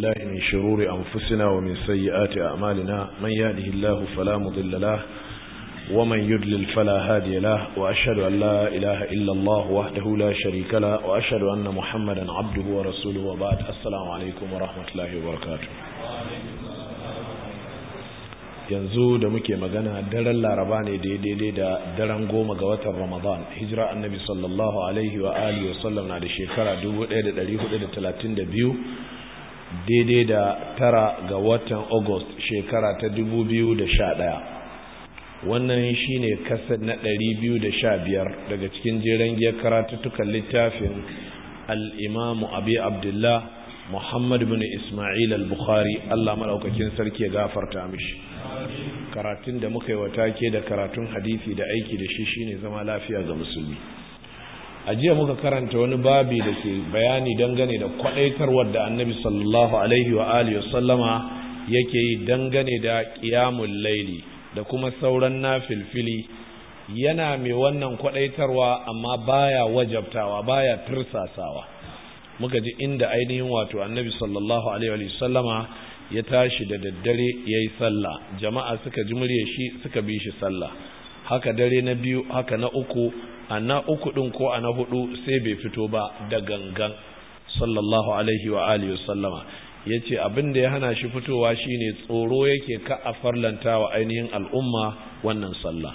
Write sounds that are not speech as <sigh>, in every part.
الله من شرور أنفسنا ومن سيئات أعمالنا من يهده الله فلا مضل له ومن يدلل فلا هادي له وأشهد أن لا إله إلا الله وحده لا شريك له وأشهد أن محمدا عبده ورسوله وبعد السلام عليكم ورحمة الله وبركاته yanzu da muke magana daren laraba ne daidai da daren goma ga watan ramadan hijira annabi sallallahu alaihi wa alihi wa sallam na da shekara 1432 daidai da tara ga watan august shekara ta da sha 2011 wannan shi ne kasar na biyu da sha biyar daga cikin jiran giyar karatuttukan littafin al'imamu abi abdullah Muhammadu bin ismail al-bukhari allah maɗaukakin sarki ya gafarta mishi karatun da muka yi wata ke da karatun Hadithi da aiki da shi shine zama lafiya ga musulmi a jiya muka karanta wani babi da ke bayani dangane da kwadaitarwar da annabi sallallahu alaihi wa alihi wasallama yake yi dangane da qiyamul laili da kuma sauran nafilfili yana mai wannan kwadaitarwa amma baya wajabtawa baya tirsasawa muka ji inda ainihin wato annabi sallallahu alaihi wa sallama ya tashi da daddare yayi sallah jama'a suka ji murye shi suka bi shi sallah haka dare na biyu haka na uku a na uku ɗin ko a na hudu sai bai fito ba da gangan sallallahu alaihi wa alihi sallama ya ce abin da ya hana shi fitowa shine tsoro yake ka a farlanta wa ainihin al'umma wannan sallah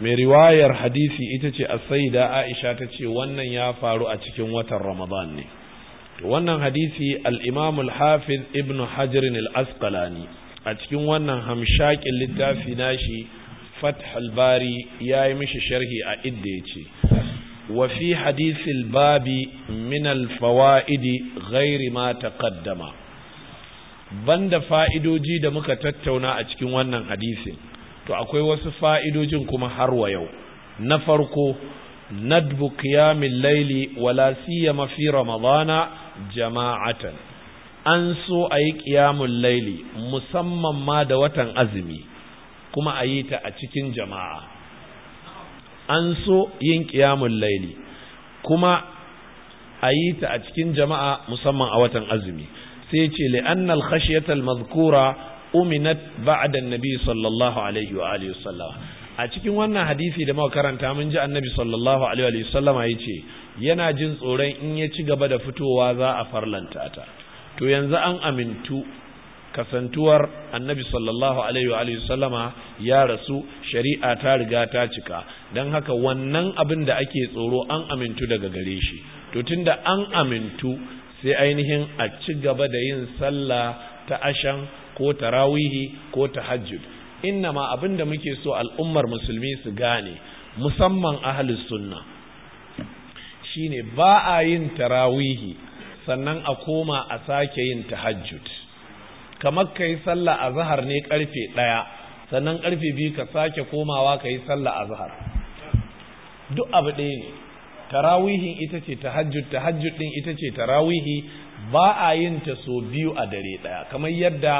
mai riwayar hadisi ita ce a saida aisha ta ce wannan ya faru a cikin watan ramadan ne wannan hadisi al’imamul hafiz ibn hajjirin al'asqalani a cikin wannan hamshakin littafi nashi fathul bari ya yi mishi sharhi a idda ya ce wafi fi babi minal alfawa'idi gairi ma taqaddama banda fa'idoji da muka tattauna a cikin wannan hadisin to akwai wasu fa'idojin kuma har wa yau na farko nadbu qiyamil laili wala siya mafi ramadana jama'atan an so a yi ƙiyamun laili musamman ma da watan azumi kuma a yi ta a cikin jama'a an so yin ƙiyamun laili kuma a yi ta a cikin jama'a musamman a watan azumi sai ce li'annal khashiyatal mazkura uminat ba'da nabi, sallallahu alaihi wa alihi a cikin wannan hadisi da muka karanta mun ji annabi sallallahu alaihi wa sallam yace yana jin tsoron in ya ci gaba da fitowa za a farlanta ta to yanzu an amintu kasantuwar annabi sallallahu alaihi wa sallama ya rasu shari'a ta riga ta cika don haka wannan abin da ake tsoro an amintu daga gare shi to tunda an amintu sai ainihin a ci gaba da yin sallah ta ashan ko tarawihi ko tahajjud ma abin da muke so al'ummar musulmi su gane musamman ahli sunna shine ba a yin tarawihi sannan a koma a sake yin tahajjud kamar ka yi sallah a zahar ne karfe ɗaya sannan karfe biyu ka sake komawa ka yi sallah a zahar duk abu ɗaya ne tarawihin ita ce tahajjud tahajjud ɗin ita ce tarawihi ba a yin ta so biyu a dare ɗaya kamar yadda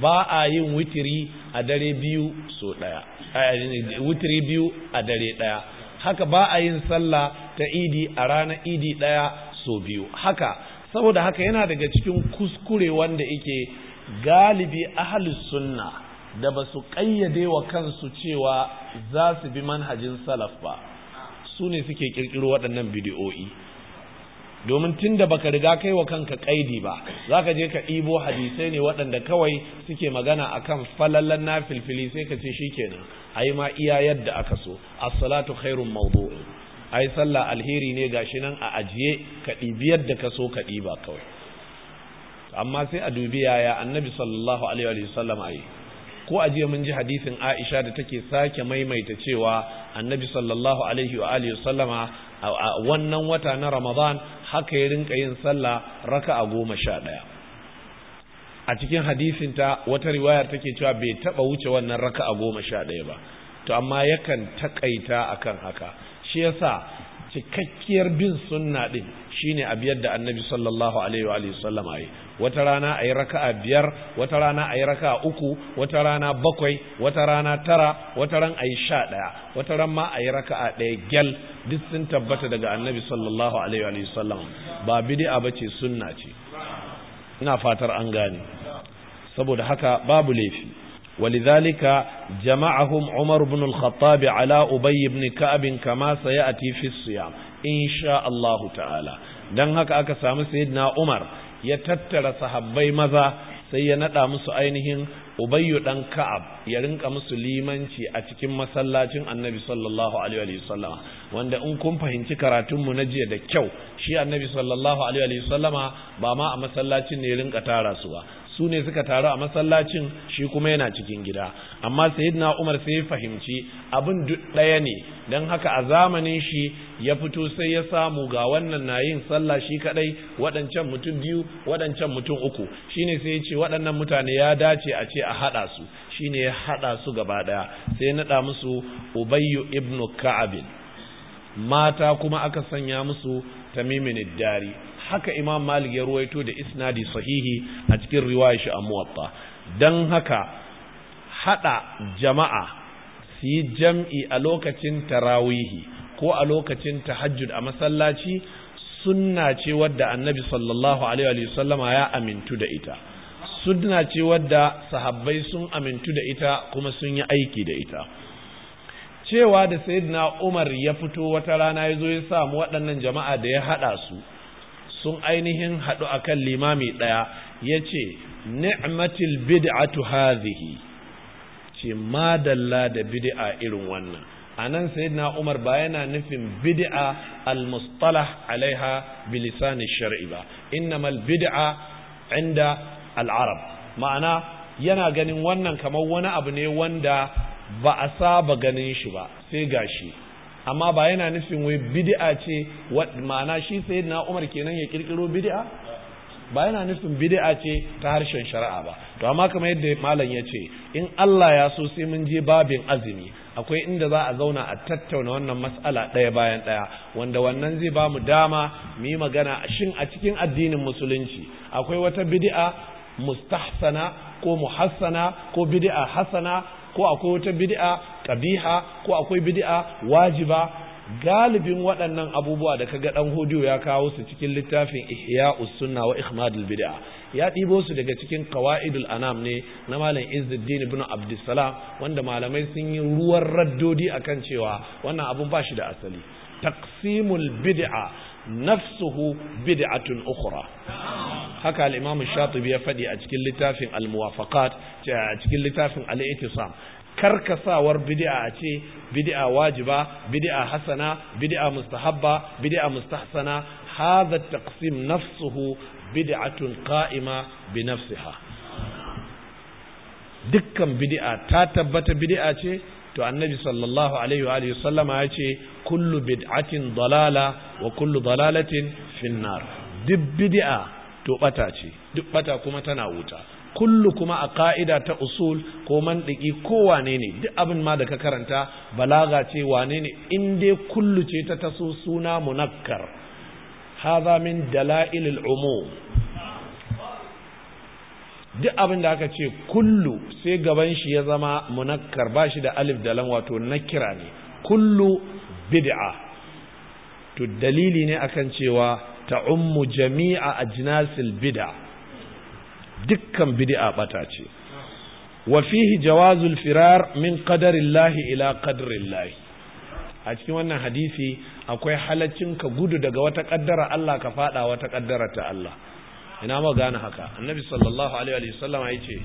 ba a yin witiri a dare biyu so ɗaya eh, witiri biyu a dare ɗaya haka ba a yin sallah ta idi a ranar idi ɗaya so biyu haka saboda haka yana daga cikin kuskure wanda yake galibi ahalus sunna da basu su ƙayyade wa kansu cewa za su bi manhajin salaf ba su ne suke ƙirƙiro waɗannan bidiyo'i domin tun da baka riga kai wa kanka kaidi ba za ka je ka ɗibo hadisai ne waɗanda kawai suke magana akan falallan na filfili sai ka ce shi kenan yi ma iya yadda aka so assalatu salatu khairun mawdu'un ai sallah alheri ne gashi nan a ajiye ka ɗibi yadda ka so ka ɗiba kawai amma sai a dubi yaya annabi sallallahu alaihi wa sallam ayi ko a jiya mun ji hadisin Aisha da take sake maimaita cewa annabi sallallahu alaihi wa alihi sallama a wannan wata na Ramadan haka ya rinka yin sallah raka'a goma sha ɗaya a cikin hadisin ta wata riwayar take cewa bai taba wuce wannan raka'a goma sha ɗaya ba to amma yakan takaita akan haka shi yasa cikakkiyar bin sunna din shine abiyar da annabi sallallahu alaihi wa alihi sallama yi wata rana a yi raka'a biyar wata rana a yi raka'a uku wata rana bakwai wata rana tara wata ran a yi sha ɗaya wata ran ma a yi raka'a ɗaya gyal duk sun tabbata daga annabi sallallahu alaihi wa sallam ba bidi a bace sunna ce ina fatar an gane saboda haka babu laifi ولذلك جمعهم عمر بن الخطاب على أبي بن كعب كما سيأتي في الصيام إن شاء الله تعالى dan haka aka samu sayyidina Umar ya tattara sahabbai maza sai ya nada musu ainihin ubayyu dan ka'ab ya rinka musu limanci a cikin masallacin annabi sallallahu alaihi wasallama wanda in kun fahimci karatunmu na jiya da kyau shi annabi sallallahu alaihi wasallama ba ma a masallacin ne ya rinka tara su ba su ne suka taru a masallacin shi kuma yana cikin gida amma sayyidina Umar sai ya fahimci abin duk ɗaya ne don haka a zamanin shi ya fito sai ya samu ga wannan na yin sallah shi kadai waɗancan mutum biyu waɗancan mutum uku shine sai ya ce waɗannan mutane ya dace a ce a haɗa su shine ya haɗa su gaba ɗaya sai ya naɗa musu ubayyu Ibn ka'abin mata kuma aka sanya musu tamimin dari haka imam malik ya ruwaito da isnadi sahihi a cikin riwayar shi a muwatta dan haka hada jama'a su yi jam'i a lokacin tarawihi ko a lokacin tahajjud a masallaci suna ce wadda annabi sallallahu alaihi wasallama ya amintu da ita suna ce wadda sahabbai sun amintu da ita kuma sun yi aiki da ita cewa da sayyidina Umar ya fito wata rana ya zo ya samu waɗannan jama'a da ya haɗa su sun ainihin haɗu akan limami ɗaya ya ce ni'matil bid'atu hadhihi ce madalla da bid'a irin wannan anan sayyidina Umar ba yana nufin bid'a al-mustalah alaiha bilisan shar'i ba innamal bid'a inda al-arab ma'ana yana ganin wannan kamar wani abu ne wanda ba a saba ganin shi ba sai gashi amma ba yana nufin wai bid'a ce ma'ana shi sayyidina umar kenan ya kirkiro bid'a ba yana nufin bid'a ce ta harshen shari'a ba to amma kamar yadda malam ya ce in Allah ya so sai mun je babin azumi akwai inda za a zauna a tattauna wannan mas'ala ɗaya bayan ɗaya wanda wannan zai ba mu dama mu yi magana shin a cikin addinin musulunci akwai wata bid'a mustahsana ko muhassana ko bid'a hasana ko akwai wata bid'a kabiha ko akwai bid'a wajiba galibin waɗannan abubuwa da kaga ɗan hodiyo ya kawo su cikin littafin ihya'us sunna wa ikhmadul bid'a ya ɗibo su daga cikin qawaidul anam ne na malam izzuddin ibn abdussalam wanda malamai sun yi ruwan raddodi akan cewa wannan abun ba shi da asali taqsimul bid'a nafsuhu bid'atun ukhra haka al-imam shatibi ya faɗi a cikin littafin al-muwafaqat a cikin littafin al-i'tisam karkasawar bid'a a ce bid'a wajiba bid'a hasana bid'a mustahabba bid'a mustahsana hadha taqsim nafsuhu bid'atun qa'ima bi nafsiha dukkan bid'a ta tabbata bid'a ce to annabi sallallahu alaihi wa alihi sallama ya ce kullu bid'atin dalala wa kullu dalalatin finnar duk bid'a to bata ce duk bata kuma tana wuta kullu kuma a ka'ida ta usul ko mandiki ko wane ne duk abin ma da ka karanta balaga ce wane ne in dai kullu ce ta taso suna munakkar Haza min dalail umum duk abin da aka ce kullu sai gaban shi ya zama munakkar ba shi da alif da wato nakira ne kullu bid'a to dalili ne akan cewa ta'ummu jami'a ajnasil bid'a dukkan bid'a bata ce wa fihi jawazul firar min qadarillahi ila qadarillahi a cikin wannan hadisi akwai halaccin ka gudu daga wata kaddara Allah ka fada wata kaddara ta Allah ina ma gane haka annabi sallallahu alaihi wa sallam yace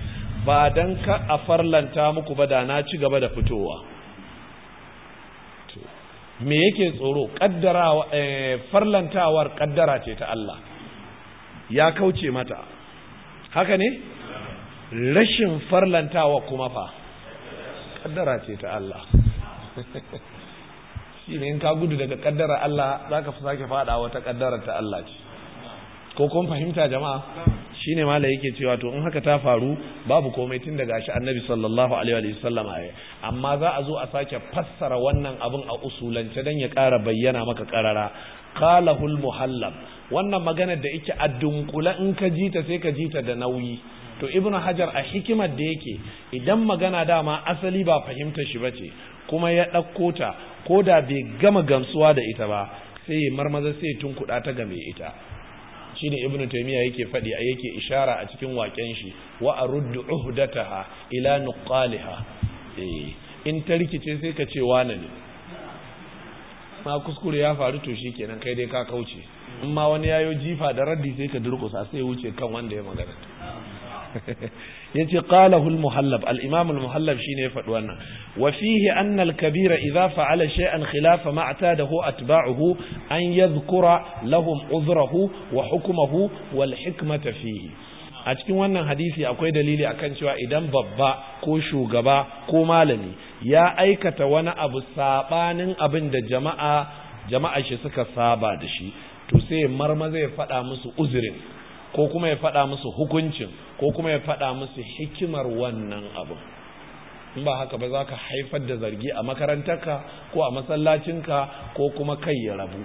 ba dan ka afarlanta muku ba da na ci gaba da fitowa me yake tsoro kaddara eh, farlantawar kaddara ce ta Allah ya kauce mata haka ne rashin farlantawa kuma fa kaddara ce ta Allah <laughs> shi ne in ka gudu daga kaddara Allah za ka sake fada wata kaddara ta Allah ce ko kun fahimta jama'a shi ne mala yake cewa to in haka ta faru babu komai tun daga shi annabi sallallahu alaihi wa sallam amma za a zo a sake fassara wannan abin a usulance dan ya ƙara bayyana maka ƙarara qalahul muhallab wannan maganar da yake a dunkula in ka ji ta sai ka ji ta da nauyi to ibn hajar a hikimar da yake idan magana dama asali ba fahimta shi bace kuma ya ɗauko ta ko da bai gama gamsuwa da ita ba sai ya marmaza sai tun tunkuɗa ta game ita shine ibnu taymiya yake faɗi a yake ishara a cikin waken shi wa aruddu uhdataha ila nuqaliha eh, in ta rikice sai ka ce wane ne ma kuskure ya faru to kenan, kai dai ka kauce in ma wani yayo jifa da raddi sai ka durkusa sai wuce kan wanda ya magana <laughs> yace qalahu al-muhallab al-imam al-muhallab shine ya faɗi wannan wa fihi anna kabira idha fa'ala shay'an khilafa da hu atba'uhu an yadhkura lahum uzrahu wa hukmuhu wal hikmata fihi a cikin wannan hadisi akwai dalili akan cewa idan babba ko shugaba ko malami ya aikata wani abu sabanin abin da jama'a jama'a shi suka saba da shi to sai marmaza ya faɗa musu uzurin ko kuma ya faɗa musu hukuncin ko kuma ya faɗa musu hikimar wannan abin in ba haka ba za ka haifar da zargi a makarantarka ko a masallacinka ko kuma kai ya rabu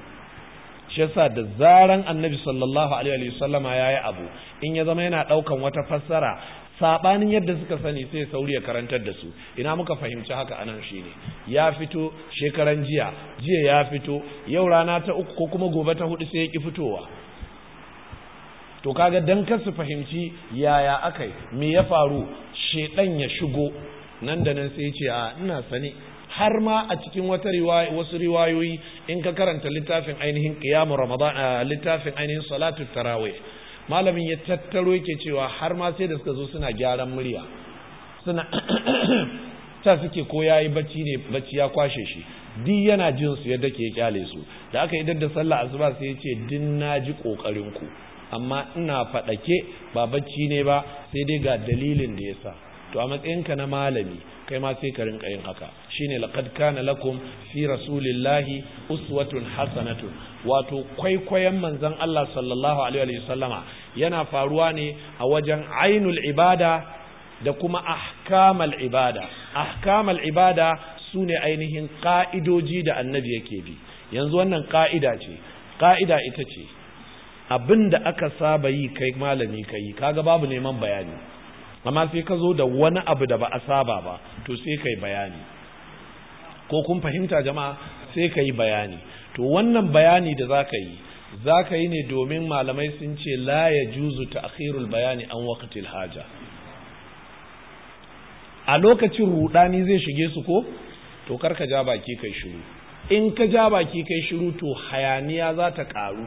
shi yasa da zaran annabi sallallahu alaihi Wasallama ya yayi abu in ya zama yana daukan wata fassara sabanin yadda suka sani sai sauri ya karantar da su ina muka fahimci haka anan shine ya fito shekaran jiya jiya ya fito yau rana ta uku ko kuma gobe ta hudu sai ya ki fitowa to kaga dan ka su fahimci yaya akai me ya faru shedan ya shigo nan da nan sai ya ce a ina sani har ma a cikin wata wasu riwayoyi in ka karanta littafin ainihin qiyamu ramadan littafin ainihin salatu tarawih malamin ya tattaro yake cewa har ma sai da suka zo suna gyaran murya suna ta <clears throat> suke ko yayi bacci ne bacci ya kwashe shi Din yana jin su yadda ke kyale su da aka idan da sallah asuba sai ya ce din ji kokarin ku amma ina faɗake ba bacci ne ba sai dai ga dalilin da ya sa, to a matsayinka na malami kai ma sai ka rinka yin haka shine laqad kana lakum fi rasulillahi uswatun hasanatun wato kwaikwayon manzon Allah sallallahu alaihi wa sallama yana faruwa ne a wajen ainul ibada da kuma ahkamal ibada ahkamal ibada sune ainihin ka'idoji da annabi yake bi yanzu wannan ka'ida ce ka'ida ita ce abinda aka saba yi kai malami kai kaga babu neman bayani amma sai ka zo da wani abu da ba a saba ba to sai ka yi bayani ko kun fahimta jama'a sai ka yi bayani to wannan bayani da za ka yi za ka yi ne domin malamai sun ce la ya juzu ta akhirul bayani an waqtil haja a lokacin rudani zai shige su ko to kar ka ja baki kai shiru in ka ja baki kai shiru to hayaniya za ta karu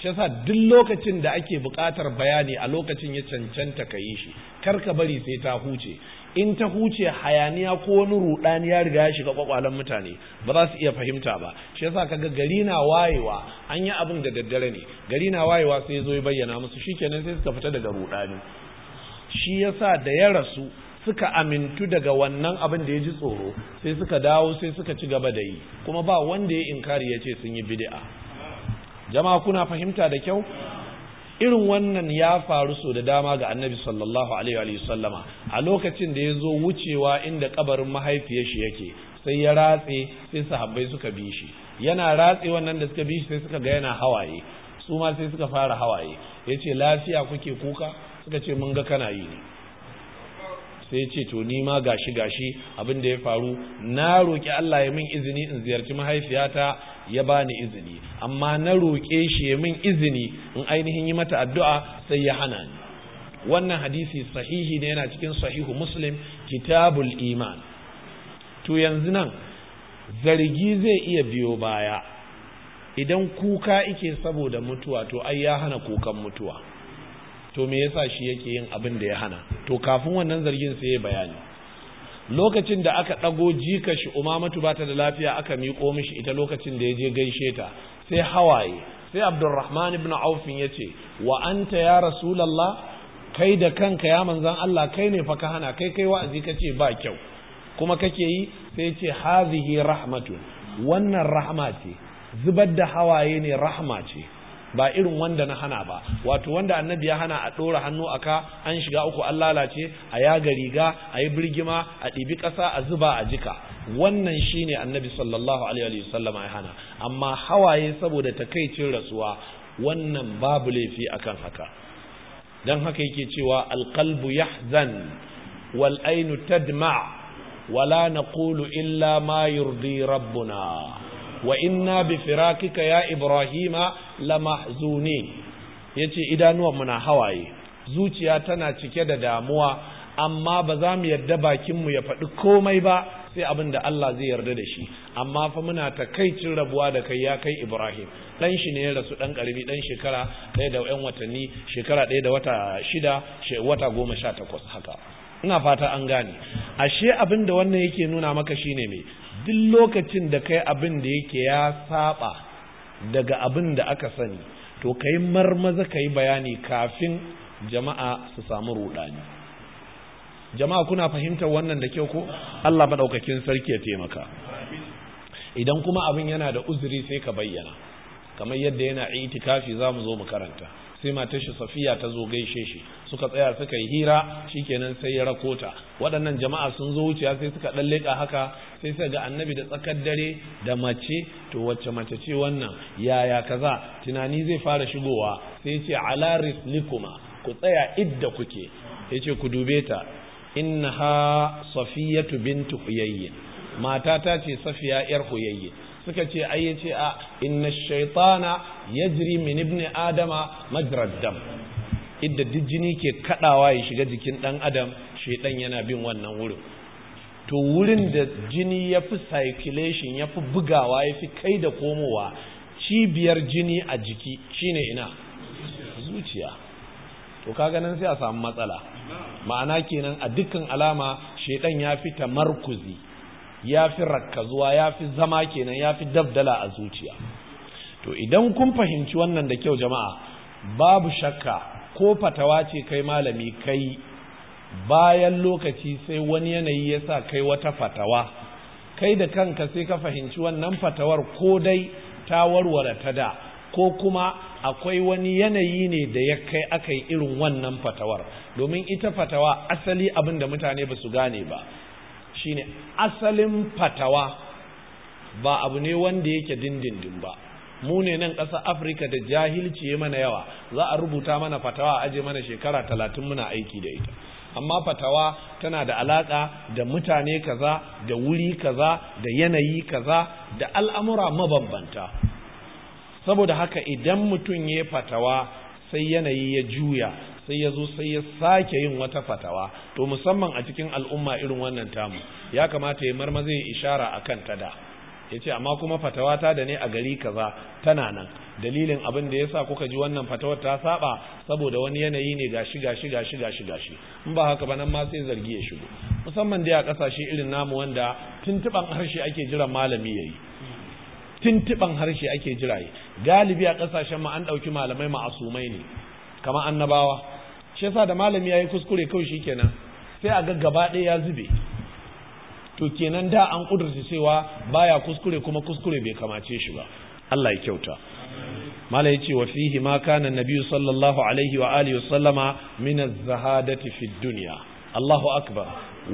shi yasa duk lokacin da ake buƙatar bayani a lokacin ya cancanta ka yi shi kar ka bari sai ta huce in ta huce hayaniya ko wani rudani ya riga ya shiga kwakwalen mutane ba za su iya fahimta ba shi yasa kaga gari na wayewa an yi abin da daddare ne gari na wayewa sai ya zo ya bayyana musu kenan sai suka fita daga rudani shi yasa da ya rasu suka amintu daga wannan abin da ya ji tsoro sai suka dawo sai suka ci gaba da yi kuma ba wanda ya inkari ya ce sun yi bid'a jama'a kuna fahimta da kyau irin wannan ya faru so da dama ga annabi sallallahu alaihi sallama a lokacin da ya zo wucewa inda kabarin mahaifiyar shi yake sai ya ratse sai sahabbai suka bi shi yana ratse wannan da suka bi shi sai suka ga yana hawaye su ma sai suka fara hawaye ya ce lafiya kuke kuka suka ce mun ga kana yi ne sai ce to ni ma gashi gashi abin da ya faru na roƙi Allah ya min izini in ziyarci mahaifiyata ya bani izini amma na roƙe shi ya min izini in ainihin yi mata addu'a sai ya hana ni wannan hadisi sahihi ne yana cikin sahihu muslim kitabul iman to yanzu nan zargi zai iya biyo baya idan kuka ike saboda mutuwa to ai ya hana kukan mutuwa to me yasa shi yake yin abin da ya hana to kafin wannan zargin sai ya bayani lokacin da aka ɗago jika shi umamatu bata da lafiya aka miƙo mishi ita lokacin da ya je gaishe ta sai hawaye sai abdurrahman ibn aufin ya ce wa anta ya rasulullah kai da kanka ya manzan Allah kai ne fa ka hana kai kai wa'azi kace ba kyau kuma kake yi sai ce hazihi rahmatun wannan rahma ce zubar da hawaye ne rahma ce ba irin wanda na hana ba wato wanda annabi ya hana a ɗora hannu a ka an shiga uku an lalace a yaga riga a yi birgima a ɗibi ƙasa a zuba a jika wannan shi ne annabi sallallahu alaihi wasallam ya hana amma hawaye saboda takaicin rasuwa wannan babu laifi akan haka dan haka yake cewa alqalbu yahzan wal ainu tadma wala naqulu illa ma yurdi rabbuna wa inna bi firakika ya ibrahima lamahzunin yace idanuwan mu na hawaye zuciya tana cike da damuwa amma ba za mu yarda bakin mu ya faɗi komai ba sai abin da Allah zai yarda da shi amma fa muna takaicin rabuwa da kai ya kai Ibrahim dan shi ne ya rasu dan karbi dan shekara ɗaya da yan watanni shekara ɗaya da wata shida wata goma sha takwas haka ina fata an gane ashe abinda wannan yake nuna maka shine me duk lokacin da kai abin da yake ya saba daga abin da aka sani to kai marmaza ka bayani kafin jama'a su samu rudani jama'a kuna fahimtar wannan da kyau ko Allah maɗaukakin sarki ya taimaka idan kuma abin yana da uzuri sai ka bayyana kamar yadda yana itikafi zamu zo mu karanta sai matar shi safiya ta zo gaishe shi suka tsaya suka yi hira shikenan sai ya rakota waɗannan jama'a sun zo wuciya sai suka dan haka sai sai ga annabi da tsakar dare da mace to wacce mace ce wannan yaya kaza tunani zai fara shigowa sai ya ce ala rislikuma ku tsaya idda kuke yace ce ku dube ta innaha safiyatu bintu huyayyin Matata ce safiya yar huyayyin suka ce ai yace a inna shaytana yajri min ibni adama majrad dam idda dijini ke kadawa ya shiga jikin dan adam shaydan yana bin wannan wurin to wurin da jini ya fi circulation ya fi bugawa ya fi kai da komowa cibiyar jini a jiki shine ina zuciya to kaga nan sai a samu matsala ma'ana kenan a dukkan alama shedan ya fi markuzi ya fi rakkazuwa ya fi zama kenan ya fi dabdala a zuciya to idan kun fahimci wannan da kyau jama'a babu shakka ko fatawa ce kai malami kai bayan lokaci sai wani yanayi ya sa kai wata fatawa kai da kanka sai ka fahimci wannan fatawar ko dai ta warware ta da ko kuma akwai wani yanayi ne da ya kai aka yi irin wannan fatawar domin ita fatawa asali abin da mutane ba su gane ba shine asalin fatawa ba abu ne wanda yake dindindin ba mu ne nan ƙasa afirka da jahilci ya mana yawa za a rubuta mana fatawa a aje mana shekara talatin muna aiki da ita amma fatawa tana da alaƙa da mutane kaza da wuri kaza da yanayi kaza da al'amura mabambanta saboda haka idan mutum ya fatawa sai yanayi ya juya sai ya zo sai ya sake yin wata fatawa to musamman a cikin al'umma irin wannan tamu ya kamata ya marmaza ishara a kan ta da ya ce amma kuma fatawa ta da ne a gari kaza tana nan dalilin abin da ya sa kuka ji wannan fatawar ta saba saboda wani yanayi ne gashi gashi gashi gashi gashi in ba haka ba nan ma sai zargi ya shigo musamman dai a kasashe irin namu wanda tuntuban harshe ake jiran malami yayi tuntuban harshe ake jira yi galibi a kasashen ma an ɗauki malamai ma'asumai ne kamar annabawa shi yasa da malami yayi kuskure kawai kenan, sai a ga gaba ɗaya ya zube to kenan da an kudurta cewa baya kuskure kuma kuskure bai kamace shi ba Allah ya kyauta malai yace wa fihi ma kana nabiyyu sallallahu alaihi wa alihi wa sallama min az-zahadati fi dunya Allahu akbar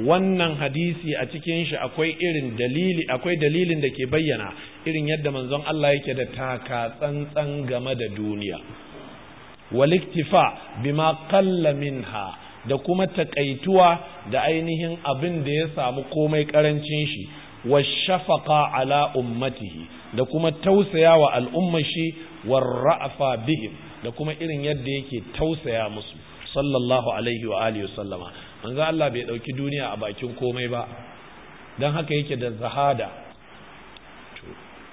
wannan hadisi a cikin shi akwai irin dalili akwai dalilin da ke bayyana irin yadda manzon Allah yake da taka tsantsan game da duniya waliktifa bima qalla minha da kuma takaituwa da ainihin abin da ya samu komai karancin shi wa shafaka ala ummatihi da kuma tausaya wa al'umma shi war ra'fa bihim da kuma irin yadda yake tausaya musu sallallahu alaihi wa alihi sallama manzo Allah bai dauki duniya a bakin komai ba dan haka yake da zahada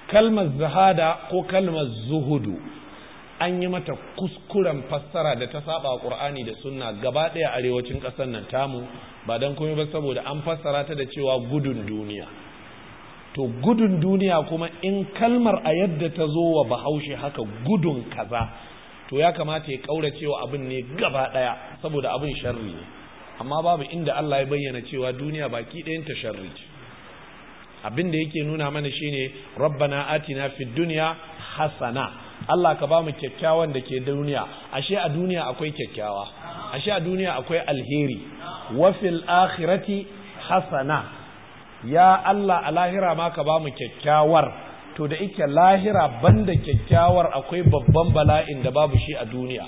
kalmar zahada ko kalmar zuhudu an yi mata kuskuren fassara da ta saba ƙur'ani da sunna gaba ɗaya arewacin ƙasar nan tamu ba dan komai ba saboda an fassara ta da cewa gudun duniya to gudun duniya kuma in kalmar a yadda ta zo wa bahaushe haka gudun kaza to ya kamata ya ƙaura cewa abin ne gaba ɗaya saboda abin sharri ne amma babu inda Allah ya bayyana cewa duniya baki ɗayan ta sharri ce abin da yake nuna mana shine rabbana atina fid dunya hasana Allah ka ba mu kyakkyawan da ke duniya ashe a duniya akwai kyakkyawa ashe a duniya akwai alheri wa fil akhirati hasana ya Allah a lahira ma ka ba mu kyakkyawar to da ike lahira banda kyakkyawar akwai babban bala'in da babu shi a duniya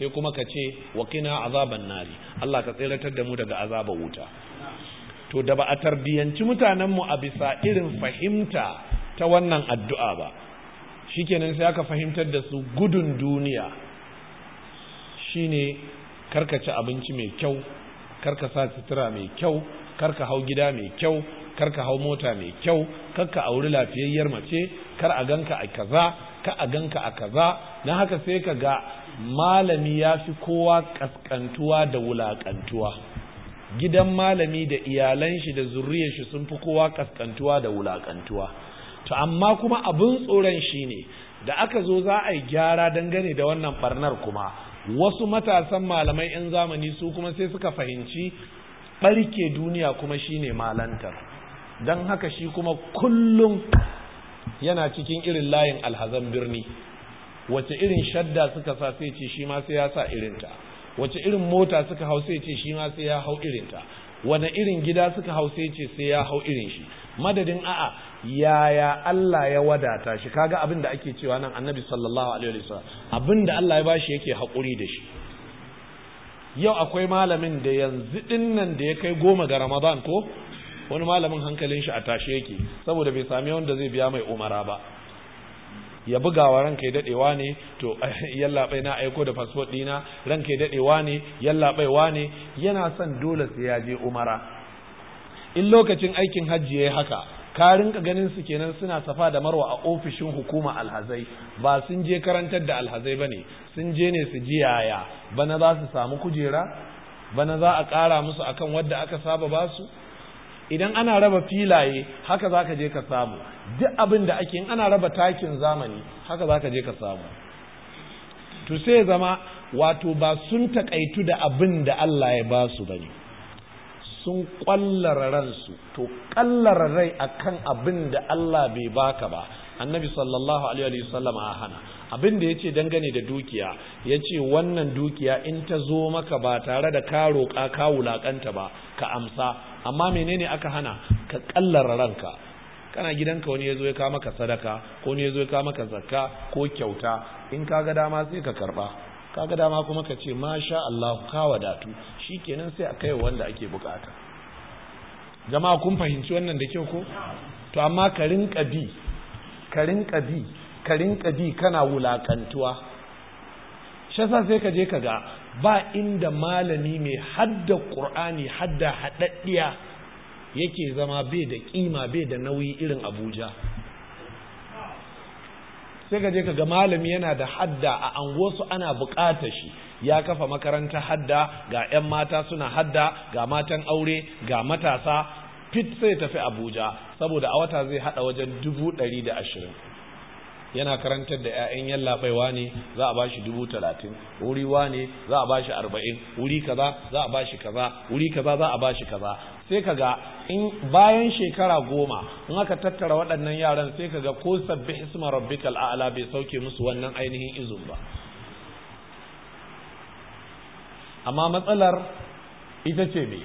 sai kuma ka ce wa kina azaban nari Allah ka tseratar da mu daga azaban wuta to da ba a tarbiyanci mutanenmu a bisa irin fahimta ta wannan addu'a ba shikenan sai aka fahimtar da su gudun duniya shine karka ci abinci mai kyau karka sa sutura mai kyau karka hau gida mai kyau karka hau mota mai kyau karka auri lafiyayyar mace kar a ganka a kaza ka a ganka a kaza na haka sai ka ga malami ya fi kowa kaskantuwa da wulakantuwa gidan malami da iyalan shi da zurriyar shi sun fi kowa kaskantuwa da wulakantuwa to amma kuma abin tsoron shine da aka zo za a yi gyara dangane da wannan barnar kuma wasu matasan malamai 'yan zamani su kuma sai suka fahimci barke duniya kuma shine malantar don haka shi kuma kullum yana cikin irin layin alhazan birni wace irin shadda suka sa sai ce shi ma sai ya sa irinta wace irin mota suka hau sai ce shi ma sai ya hau irinta wane irin gida suka hau sai ce sai ya hau irin shi madadin a'a yaya Allah ya wadata shi kaga abin da ake cewa nan annabi sallallahu alaihi wasallam abin da Allah ya bashi yake haƙuri da shi yau akwai malamin da yanzu dinnan da ya kai goma ga ramadan ko wani malamin hankalin shi a tashe yake saboda bai sami wanda zai biya mai umara ba ya buga wa ranka ya dadewa ne to <laughs> yalla bai na aiko da passport dina ranka ya dadewa ne yalla bai wa yana son dole sai ya je umara in lokacin aikin hajji yayi haka ka rinka ganin su kenan suna safa da marwa a ofishin hukuma alhazai ba sun je karantar da alhazai bane sun je ne su ji yaya bana za su samu kujera bana za a ƙara musu akan wadda aka saba ba su idan ana raba filaye haka za ka je ka samu duk abin da ake in ana raba takin zamani haka za ka je ka samu to sai zama wato ba sun takaitu da abin da Allah ya ba su bane sun ƙwallara ransu to ƙallara rai akan abin da Allah bai baka ba annabi sallallahu alaihi wa sallam, a hana abin da yace dangane da dukiya yace wannan dukiya in ta zo maka ba tare da ka roƙa ka wulakanta ba ka amsa amma menene aka hana ka ƙallara ranka kana gidanka wani yazo ya ka maka sadaka ko ne yazo ya ka maka zakka ko kyauta in kaga dama sai ka karba kaga dama kuma ka ce masha Allah ka wadatu shikenan sai a kai wanda ake bukata jama'a kun fahimci wannan da kyau ko to amma ka rinka bi ka rinka bi ka rinka bi kana wulakantuwa shi sai ka je ka ga ba inda malami mai hadda qur'ani hadda hadaddiya yake zama bai da kima bai da nauyi irin abuja sai ka je ka ga malami yana da hadda a anguwarsu ana bukata shi ya kafa makaranta hadda ga 'yan mata suna hadda ga matan aure ga matasa fit sai tafi abuja saboda a wata zai hada wajen dubu ɗari da ashirin yana karantar da 'ya'yan yallaɓaiwa ne za a bashi dubu talatin wuri wa ne za a bashi arba'in wuri kaza za a bashi kaza wuri kaza za a bashi kaza sai kaga in bayan shekara goma in aka tattara waɗannan yaran sai kaga ko sabbi isma rabbikal a'la bai sauke musu wannan ainihin izun ba amma matsalar ita ce me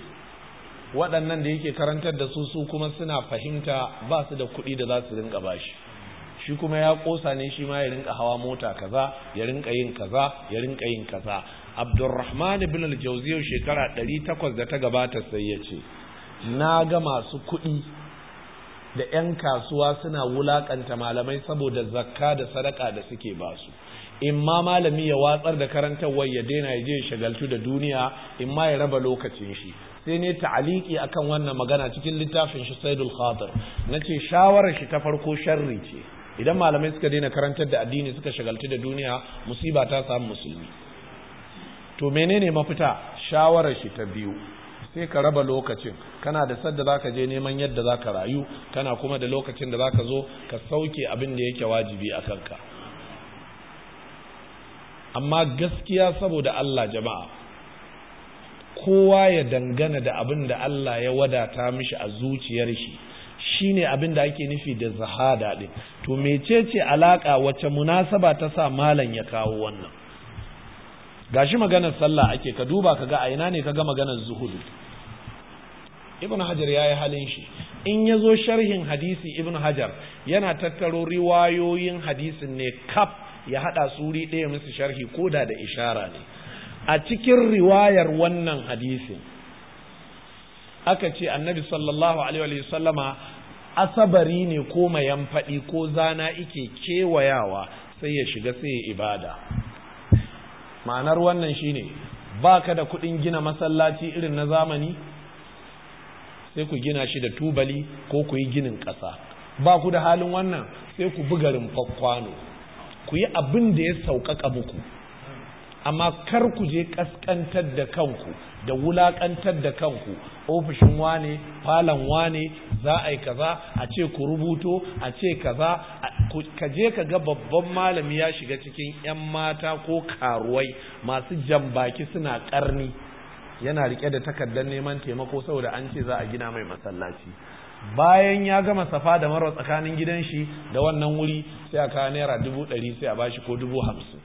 waɗannan da yake karantar da su su kuma suna fahimta ba su da kuɗi da za su rinka bashi shi kuma ya kosa ne shi ma ya rinka hawa mota kaza ya rinka yin kaza ya rinka yin kaza abdurrahman ibn al shekara shekara 800 da ta gabata sai ya ce na ga masu kuɗi da 'yan kasuwa suna wulakanta malamai saboda zakka da sadaka da suke basu in ma malami ya watsar da karantarwar ya daina ya je ya shagaltu da duniya in ma ya raba lokacin shi sai ne ta'aliki akan wannan magana cikin littafin shi saidul na nace shawarar shi ta farko sharri ce idan malamai suka daina karantar da addini suka shagaltu da duniya musiba ta samu musulmi to menene mafita shawarar shi ta biyu sai ka raba lokacin kana da sadda zaka je neman yadda zaka rayu kana kuma da lokacin da za ka zo ka sauke abin da yake wajibi a kanka amma gaskiya saboda Allah jama'a kowa ya dangana da abin da Allah ya wadata mishi a zuciyar shi shine abin da ake nufi da zahada din to mecece alaka wacce munasaba ta sa malam ya kawo wannan gashi maganar sallah ake ka duba kaga a ina ne ka ga maganar zuhudu ibn hajar yayi halin shi in ya zo sharhin hadisi ibn hajar yana tattaro riwayoyin hadisin ne kaf ya hada suri ɗaya musu sharhi koda da ishara ne a cikin riwayar wannan hadisin aka ce annabi sallallahu alaihi sallama asabari ne ko mayan faɗi ko zana ike kewayawa sai ya shiga sai ya ibada ma'anar wannan shine baka da kuɗin gina masallaci irin na zamani sai ku gina shi da tubali ko ku yi ginin ƙasa ba ku da halin wannan sai ku buga rumfar ku yi abin da ya sauƙaƙa muku amma kar ku je kaskantar da kanku da wulakantar da kanku ofishin wane falon wane za a yi kaza a ce ku rubuto a ce kaza ka je ka ga babban malami ya shiga cikin 'yan mata ko karuwai masu jambaki suna karni yana rike da takardar neman taimako saboda an ce za a gina mai masallaci bayan ya gama safa da marar tsakanin gidan shi da wannan wuri sai a kawo naira dubu ɗari sai a bashi ko dubu hamsin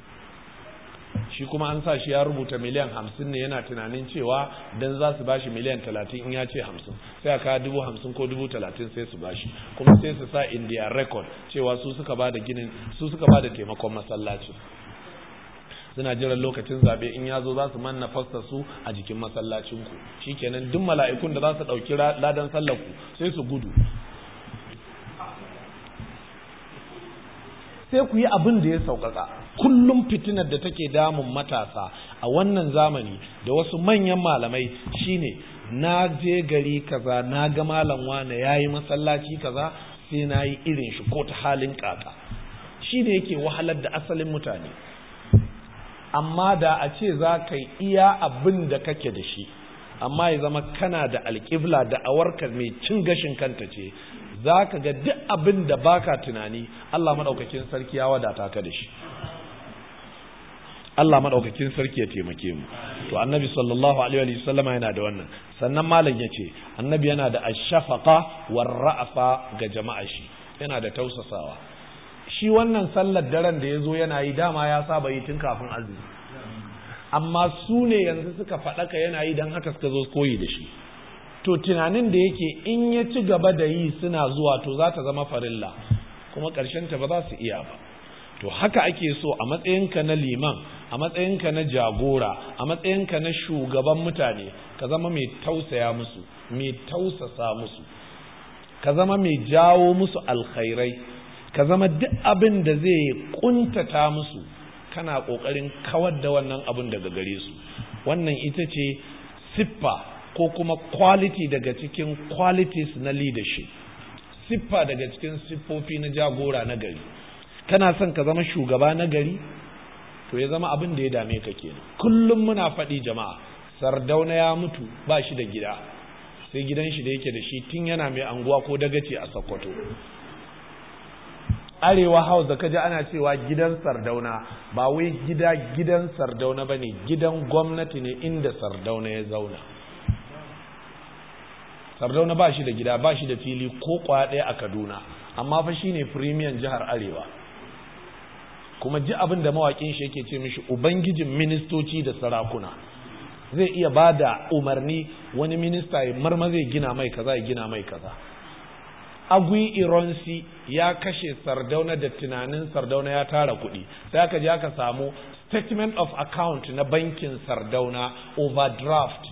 shi kuma an sa shi ya rubuta miliyan hamsin ne yana tunanin cewa dan za su bashi miliyan talatin in ya ce hamsin sai aka dubu hamsin ko dubu talatin sai su bashi kuma sai su sa india record cewa su suka ba da ginin su suka ba da taimakon masallaci suna jiran lokacin zaɓe in ya zo za su manna fasta su a jikin masallacinku shikenan duk mala'ikun da za su ɗauki ladan sallaku sai su gudu sai ku yi abin da ya sauƙaƙa kullum fitinar da take damun matasa a wannan zamani da wasu manyan malamai shine na je gari kaza na ga malam wane yayi masallaci kaza sai na yi irin shi ko ta halin kaka shine yake wahalar da asalin mutane amma da a ce za ka yi iya abin da kake da shi amma ya zama kana da alƙibla da awarka mai cin gashin kanta ce za ka ga duk abin da baka tunani Allah maɗaukakin sarki ya wadata ka da shi Allah madaukakin sarki ya taimake mu to annabi sallallahu alaihi wa sallama yana da wannan sannan malam ya ce annabi yana da ash-shafaqa war ra'fa ga jama'a shi yana da tausasawa shi wannan sallar daren da yazo yana yi dama ya saba yi tun kafin azumi amma su ne yanzu suka faɗaka yana yi dan haka suka zo koyi da shi to tunanin da yake in ya ci gaba da yi suna zuwa to za ta zama farilla kuma ƙarshen ta ba za su iya ba to haka ake so a matsayinka na liman a matsayinka na jagora a matsayinka na shugaban mutane ka zama mai tausaya musu mai tausasa musu ka zama mai jawo musu alkhairai ka zama duk abin da zai kuntata musu kana ƙoƙarin kawar da wannan abin daga gare su wannan ita ce siffa ko kuma quality daga cikin qualities na leadership siffa daga cikin siffofi na jagora na gari kana son ka zama shugaba na gari to ya zama abin da ya dame ka kenan kullum muna faɗi jama'a sardauna ya mutu ba shi da gida sai gidan shi da yake da shi tun yana mai anguwa ko dagaci a sokoto arewa hausa kaji ana cewa gidan sardauna ba wai gida gidan sardauna ba ne gidan gwamnati ne inda sardauna ya zauna sardauna ba shi da gida ba shi da fili ko kwaya a kaduna amma fa shi ne firimiyan jihar arewa kuma ji abin da mawaƙin shi yake ce mishi ubangijin ministoci da sarakuna zai iya ba da umarni wani minista ya marma zai gina mai kaza ya gina mai kaza agui ironsi ya kashe sardauna da tunanin sardauna ya tara kuɗi sai aka je aka samu statement of account na bankin sardauna overdraft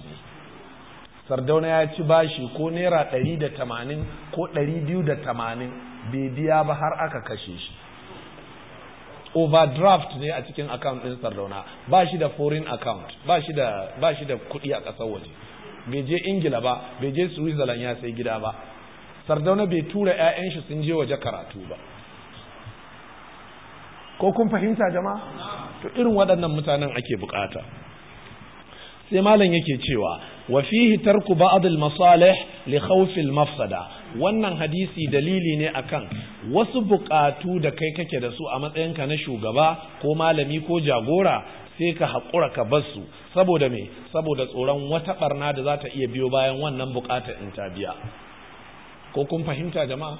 sardauna ya ci bashi ko naira ɗari da tamanin ko ɗari biyu da tamanin bai biya ba har aka kashe shi overdraft ne a cikin account ɗin sardauna ba shi da foreign account ba shi da kuɗi a ƙasar waje bai je ingila ba bai je switzerland ya sai gida ba sardauna bai tura 'ya'yan shi sun je waje karatu ba ko kun fahimta jama'a to irin waɗannan mutanen ake bukata sai malam yake cewa wa fihi tarku ba'd al-masalih li khawf mafsada wannan hadisi dalili ne akan wasu bukatu da kai kake da su a matsayinka na shugaba ko malami ko jagora sai ka haƙura ka bar su saboda me saboda tsoron wata barna da za ta iya biyo bayan wannan bukatar in ta biya ko kun fahimta jama'a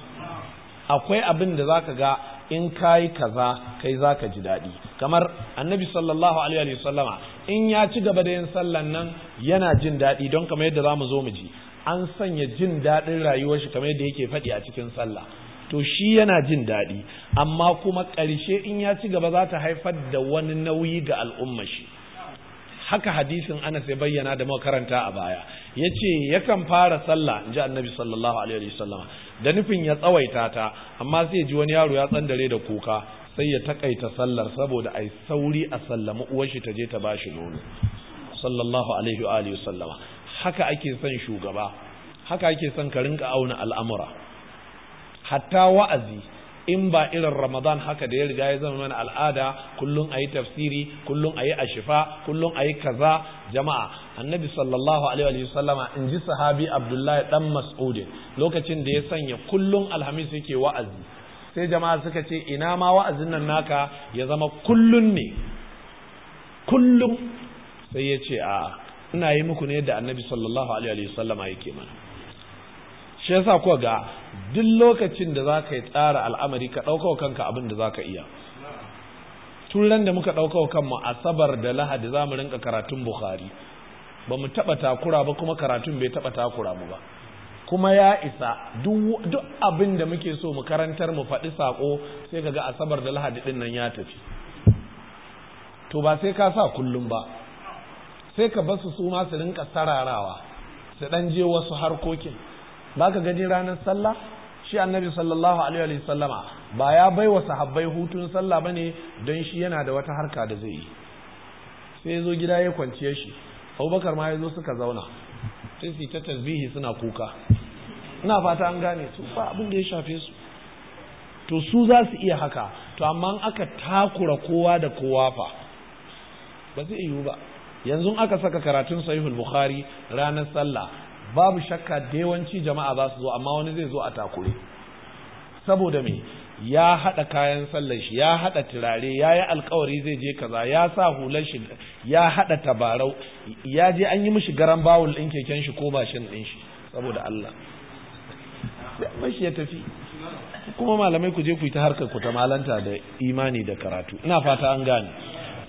akwai abin da zaka ga in kayi kaza kai zaka ji daɗi kamar annabi sallallahu alaihi wa sallama in ya ci gaba da yin sallan nan yana jin daɗi don kamar yadda zamu zo mu ji an sanya jin daɗin rayuwar shi kamar yadda yake faɗi a cikin sallah to shi yana jin daɗi amma kuma ƙarshe in ya ci gaba za ta haifar da wani nauyi ga al'umma shi haka hadisin Anas ya bayyana da makaranta a baya Ya ce yakan fara sallah inji annabi sallallahu alaihi wa sallama da nufin ya tsawaita ta amma sai ji wani yaro ya tsandare da kuka sai ya takaita sallar saboda ai sauri a sallama uwar shi ta je ta bashi nono sallallahu alaihi wa alihi sallama haka ake son shugaba haka ake son ka rinka auna al'amura hatta wa'azi in ba irin ramadan haka da ya riga ya zama mana al'ada kullum a yi tafsiri kullum a yi ashifa kullum a yi kaza jama'a annabi sallallahu alaihi wasallama in ji sahabi abdullahi dan mas'udin lokacin da ya sanya kullum alhamis yake wa'azi sai jama'a suka ce ina ma wa'azin nan naka ya zama kullum ne kullum sai ya ce a ina yi muku ne da annabi sallallahu alaihi wasallama yake mana shi yasa ko ga duk lokacin da zaka yi tsara al'amari ka ɗauka kanka abin da zaka iya tun ran da muka ɗauka kanmu asabar da lahadi za mu rinka karatun bukhari ba mu taɓa takura ba kuma karatun bai taɓa takura mu ba kuma ya isa duk abin da muke so mu karantar mu faɗi saƙo sai ka ga asabar da lahadi ɗin nan ya tafi to ba sai ka sa kullum ba sai ka basu su ma su rinka sararawa su ɗan je wasu harkokin ba ka gani ranar sallah shi annabi sallallahu alaihi wa sallama ba ya bai wa sahabbai hutun sallah bane don shi yana da wata harka da zai yi sai ya zo gida ya kwanciye shi abubakar ma ya zo suka zauna sai su ta tasbihi suna kuka ina fata an gane su ba abin da ya shafe su to su za su iya haka to amma aka takura kowa da kowa fa ba zai yiwu ba yanzu aka saka karatun sahihul bukhari ranar sallah babu shakka da yawanci jama'a za su zo amma wani zai zo a takure saboda me ya haɗa kayan sallar shi ya haɗa turare ya yi alkawari zai je kaza ya sa hular shi ya haɗa tabarau ya je an yi mishi garan bawul din keken shi ko bashin ɗin shi saboda Allah mashi ya tafi kuma malamai ku je ku yi ta harkar ku ta malanta da imani da karatu ina fata an gane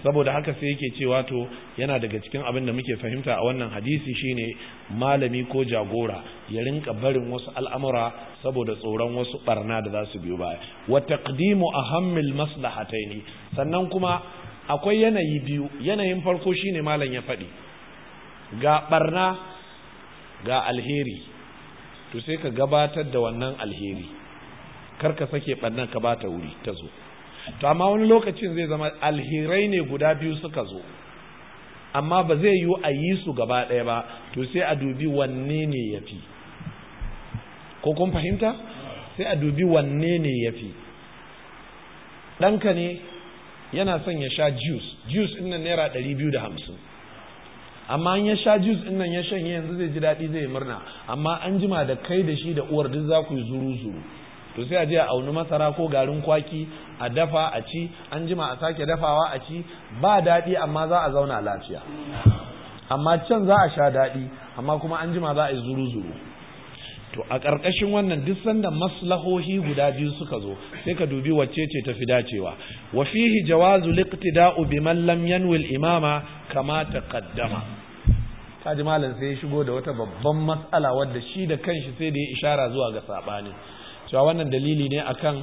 saboda haka sai yake cewa to yana daga cikin abin da muke fahimta a wannan hadisi shine malami ko jagora ya rinka barin wasu al'amura saboda tsoron wasu barna da za su biyo baya wa taqdimu ahammil maslahataini sannan kuma akwai yanayi biyu yanayin farko shine malam ya faɗi ga barna ga alheri to sai ka gabatar da wannan alheri kar ka sake barnan ka bata wuri ta zo to amma wani lokacin zai zama alhirai ne guda biyu suka zo amma ba zai yiwu a yi su gaba ɗaya ba to sai a dubi wanne ne ya fi ko kun fahimta sai a dubi wanne ne ya fi ɗanka ne yana son ya sha juice juice ɗin nan naira ɗari biyu da hamsin amma an ya sha juice ɗin nan ya shanye yanzu zai ji daɗi zai murna amma an jima da kai da shi da uwar duk za ku yi zuru zuru to sai a je a auni masara ko garin kwaki a dafa a ci an jima a sake dafawa a ci ba daɗi amma za a zauna lafiya amma can za a sha daɗi amma kuma an jima za a yi zuru-zuru to a ƙarƙashin wannan duk sanda maslahohi guda biyu suka zo sai ka dubi wacce ce tafi dacewa wa fihi jawazu liqtida'u biman lam yanwi imama kama taqaddama kaji malam sai ya shigo da wata babban matsala wadda shi da kanshi sai da ya ishara zuwa ga sabani cewa wannan dalili ne akan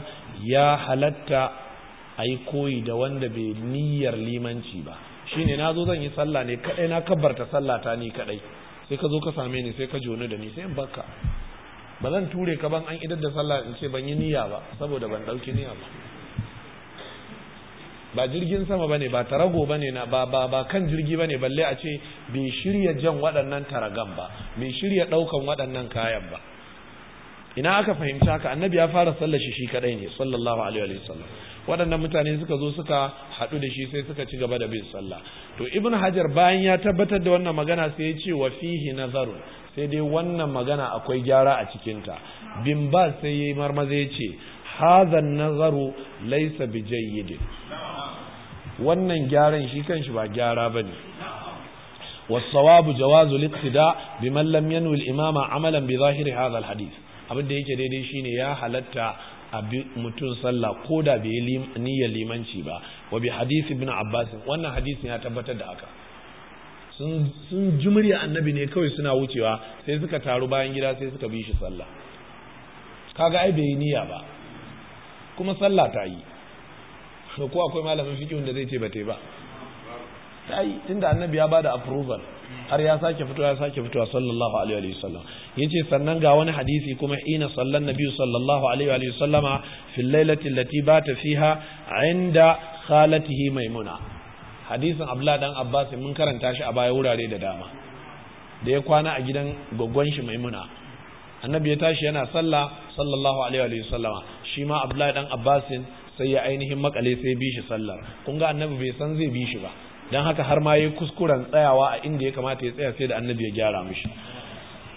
ya halatta a yi koyi da wanda bai niyyar limanci ba Shi ne na zo zan yi sallah ne kaɗai na kabarta sallah ta ni kaɗai sai ka zo ka same ni sai ka joni da ni sai in baka ba zan ture ka ban an idar da sallah in ce ban yi niyya ba saboda ban ɗauki niyya ba ba jirgin sama ba ne ba tarago ba ne ba ba kan jirgi ba ne balle a ce bai shirya jan waɗannan taragan ba bai shirya ɗaukan waɗannan kayan ba ina aka fahimci aka? annabi ya fara sallar shi shi kadai ne sallallahu alaihi wa sallam waɗannan mutane suka zo suka haɗu da shi sai suka ci gaba da bin sallah to ibn hajar bayan ya tabbatar da wannan magana sai ya ce wa fihi nazarun sai dai wannan magana akwai gyara a cikinta bin ba sai ya yi marmaza yace ce hazan nazaru laisa bi jayyidin wannan gyaran shi kanshi ba gyara bane والصواب جواز الاقتداء بمن لم ينوي الإمام عملا بظاهر هذا الحديث abin da yake daidai shine ya halatta a mutum sallah ko da bai yi niyyar limanci ba wa bi hadisi bin abbas wannan hadisin ya tabbatar da haka sun jimirya annabi ne kawai suna wucewa sai suka taru bayan gida sai suka bi shi sallah kaga ai bai niyya ba kuma sallah ta yi ko akwai malamin fiqh wanda zai ce ba ta yi ba ai tunda annabi ya ba da approval har ya sake fitowa ya sake fitowa sallallahu alaihi wa sallam yace sannan ga wani hadisi kuma ina sallan nabi sallallahu alaihi wa sallama fil lailati allati bata fiha inda khalatihi maimuna hadisin Abdullahi dan abbas mun karanta shi a baya wurare da dama da ya kwana a gidan goggon shi maimuna annabi ya tashi yana sallah sallallahu alaihi wa sallama shi ma abdullah dan abbas sai ya ainihin makale sai bi shi sallar kun ga annabi bai san zai bi shi ba don haka har ma yi kuskuren tsayawa a inda ya kamata ya tsaya sai da annabi ya gyara mishi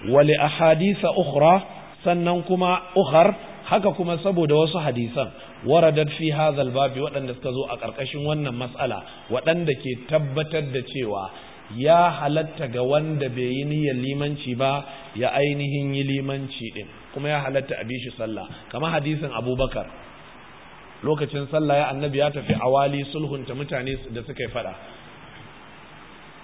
wali ahadisa ukhra sannan kuma ukhar haka kuma saboda wasu hadisan waradat fi hadhal babi waɗanda suka zo a ƙarƙashin wannan matsala, waɗanda ke tabbatar da cewa ya halatta ga wanda bai yi niyyar limanci ba ya ainihin yi limanci din kuma ya halatta a bishi sallah kamar hadisin abubakar lokacin sallah ya annabi ya tafi awali sulhunta mutane da suka yi fada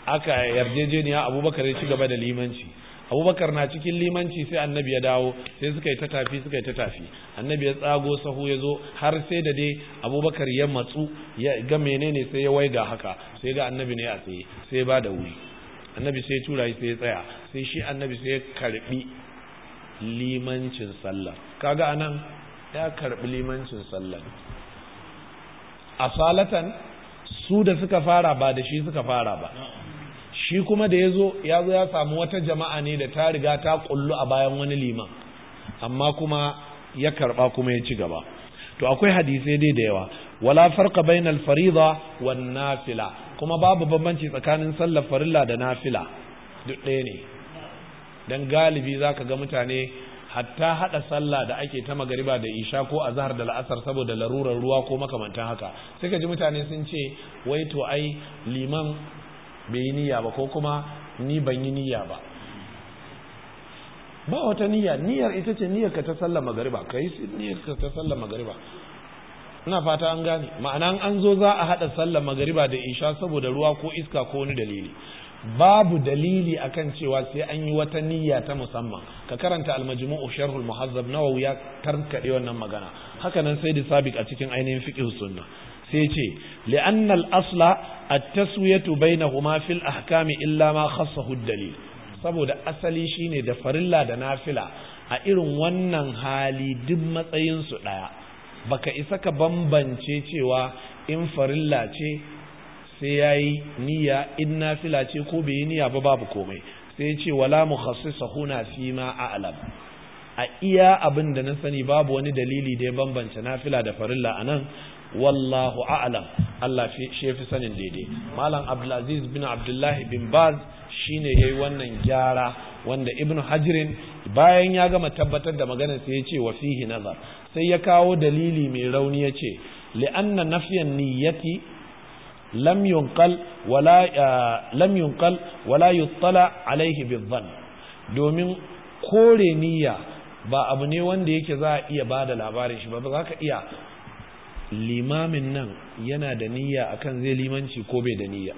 aka yarjejeniya abubakar ya ci gaba da limanci abubakar na cikin limanci sai annabi ya dawo sai suka yi ta tafi suka yi ta tafi annabi ya tsago sahu ya zo har sai da dai abubakar ya matsu ya ga menene sai ya waiga haka sai ga annabi ne a tsaye sai ba da wuri annabi sai tura shi sai ya tsaya sai shi annabi sai ya karbi limancin sallah kaga anan ya karbi limancin sallah asalatan su da suka fara ba da shi suka fara ba shi kuma da ya zo ya zo ya samu wata jama'a ne da ta riga ta kullu a bayan wani liman amma kuma ya karba kuma ya ci gaba to akwai hadisai dai da yawa wala farqa bainal fariḍa wan nafila kuma babu bambanci tsakanin sallar farilla da nafila duk ɗaya ne dan galibi zaka ga mutane hatta hada sallah da ake ta magariba da isha ko azhar da la'asar saboda larurar ruwa ko makamantan haka sai ka ji mutane sun ce wai to ai liman bai yi niyya ba ko kuma ni ban yi niyya ba ba wata niyya niyyar ita ce niyyar ka ta sallar magariba ka yi niyyar ka ta sallar magariba ina fata an gane ma'ana an zo za a haɗa sallar magariba da isha saboda ruwa ko iska ko wani dalili babu dalili a kan cewa sai an yi wata niyya ta musamman ka karanta almajmu'u sharhul muhazzab nawa ya karkade wannan magana hakanan sai da sabik a cikin ainihin fiqh sunna sai ce li'anna al-asla at-taswiyatu bainahuma fil ahkami illa ma khassahu ad-dalil saboda asali shine da farilla da nafila a irin wannan hali duk matsayin su daya baka isa ka bambance cewa in farilla ce sai yayi niyya in nafila ce ko bai yi niyya ba babu komai sai ce wala huna fi ma a'lam a iya abin da na sani babu wani dalili da ya bambance nafila da farilla a nan wallahu a'lam Allah shi fi sanin daidai malam abdulaziz bin abdullahi bin baz shine yayi wannan gyara wanda ibnu Hajrin bayan ya gama tabbatar da maganar sai ya ce wa fihi nazar sai ya kawo dalili mai rauni ya ce li'anna nafyan niyyati lam yunqal wala lam yunqal wala yuttala alaihi bidhann domin kore niyya ba abu ne wanda yake za a iya ba da labarin shi ba ba za ka iya limamin nan yana da niyya akan zai limanci ko bai da niyya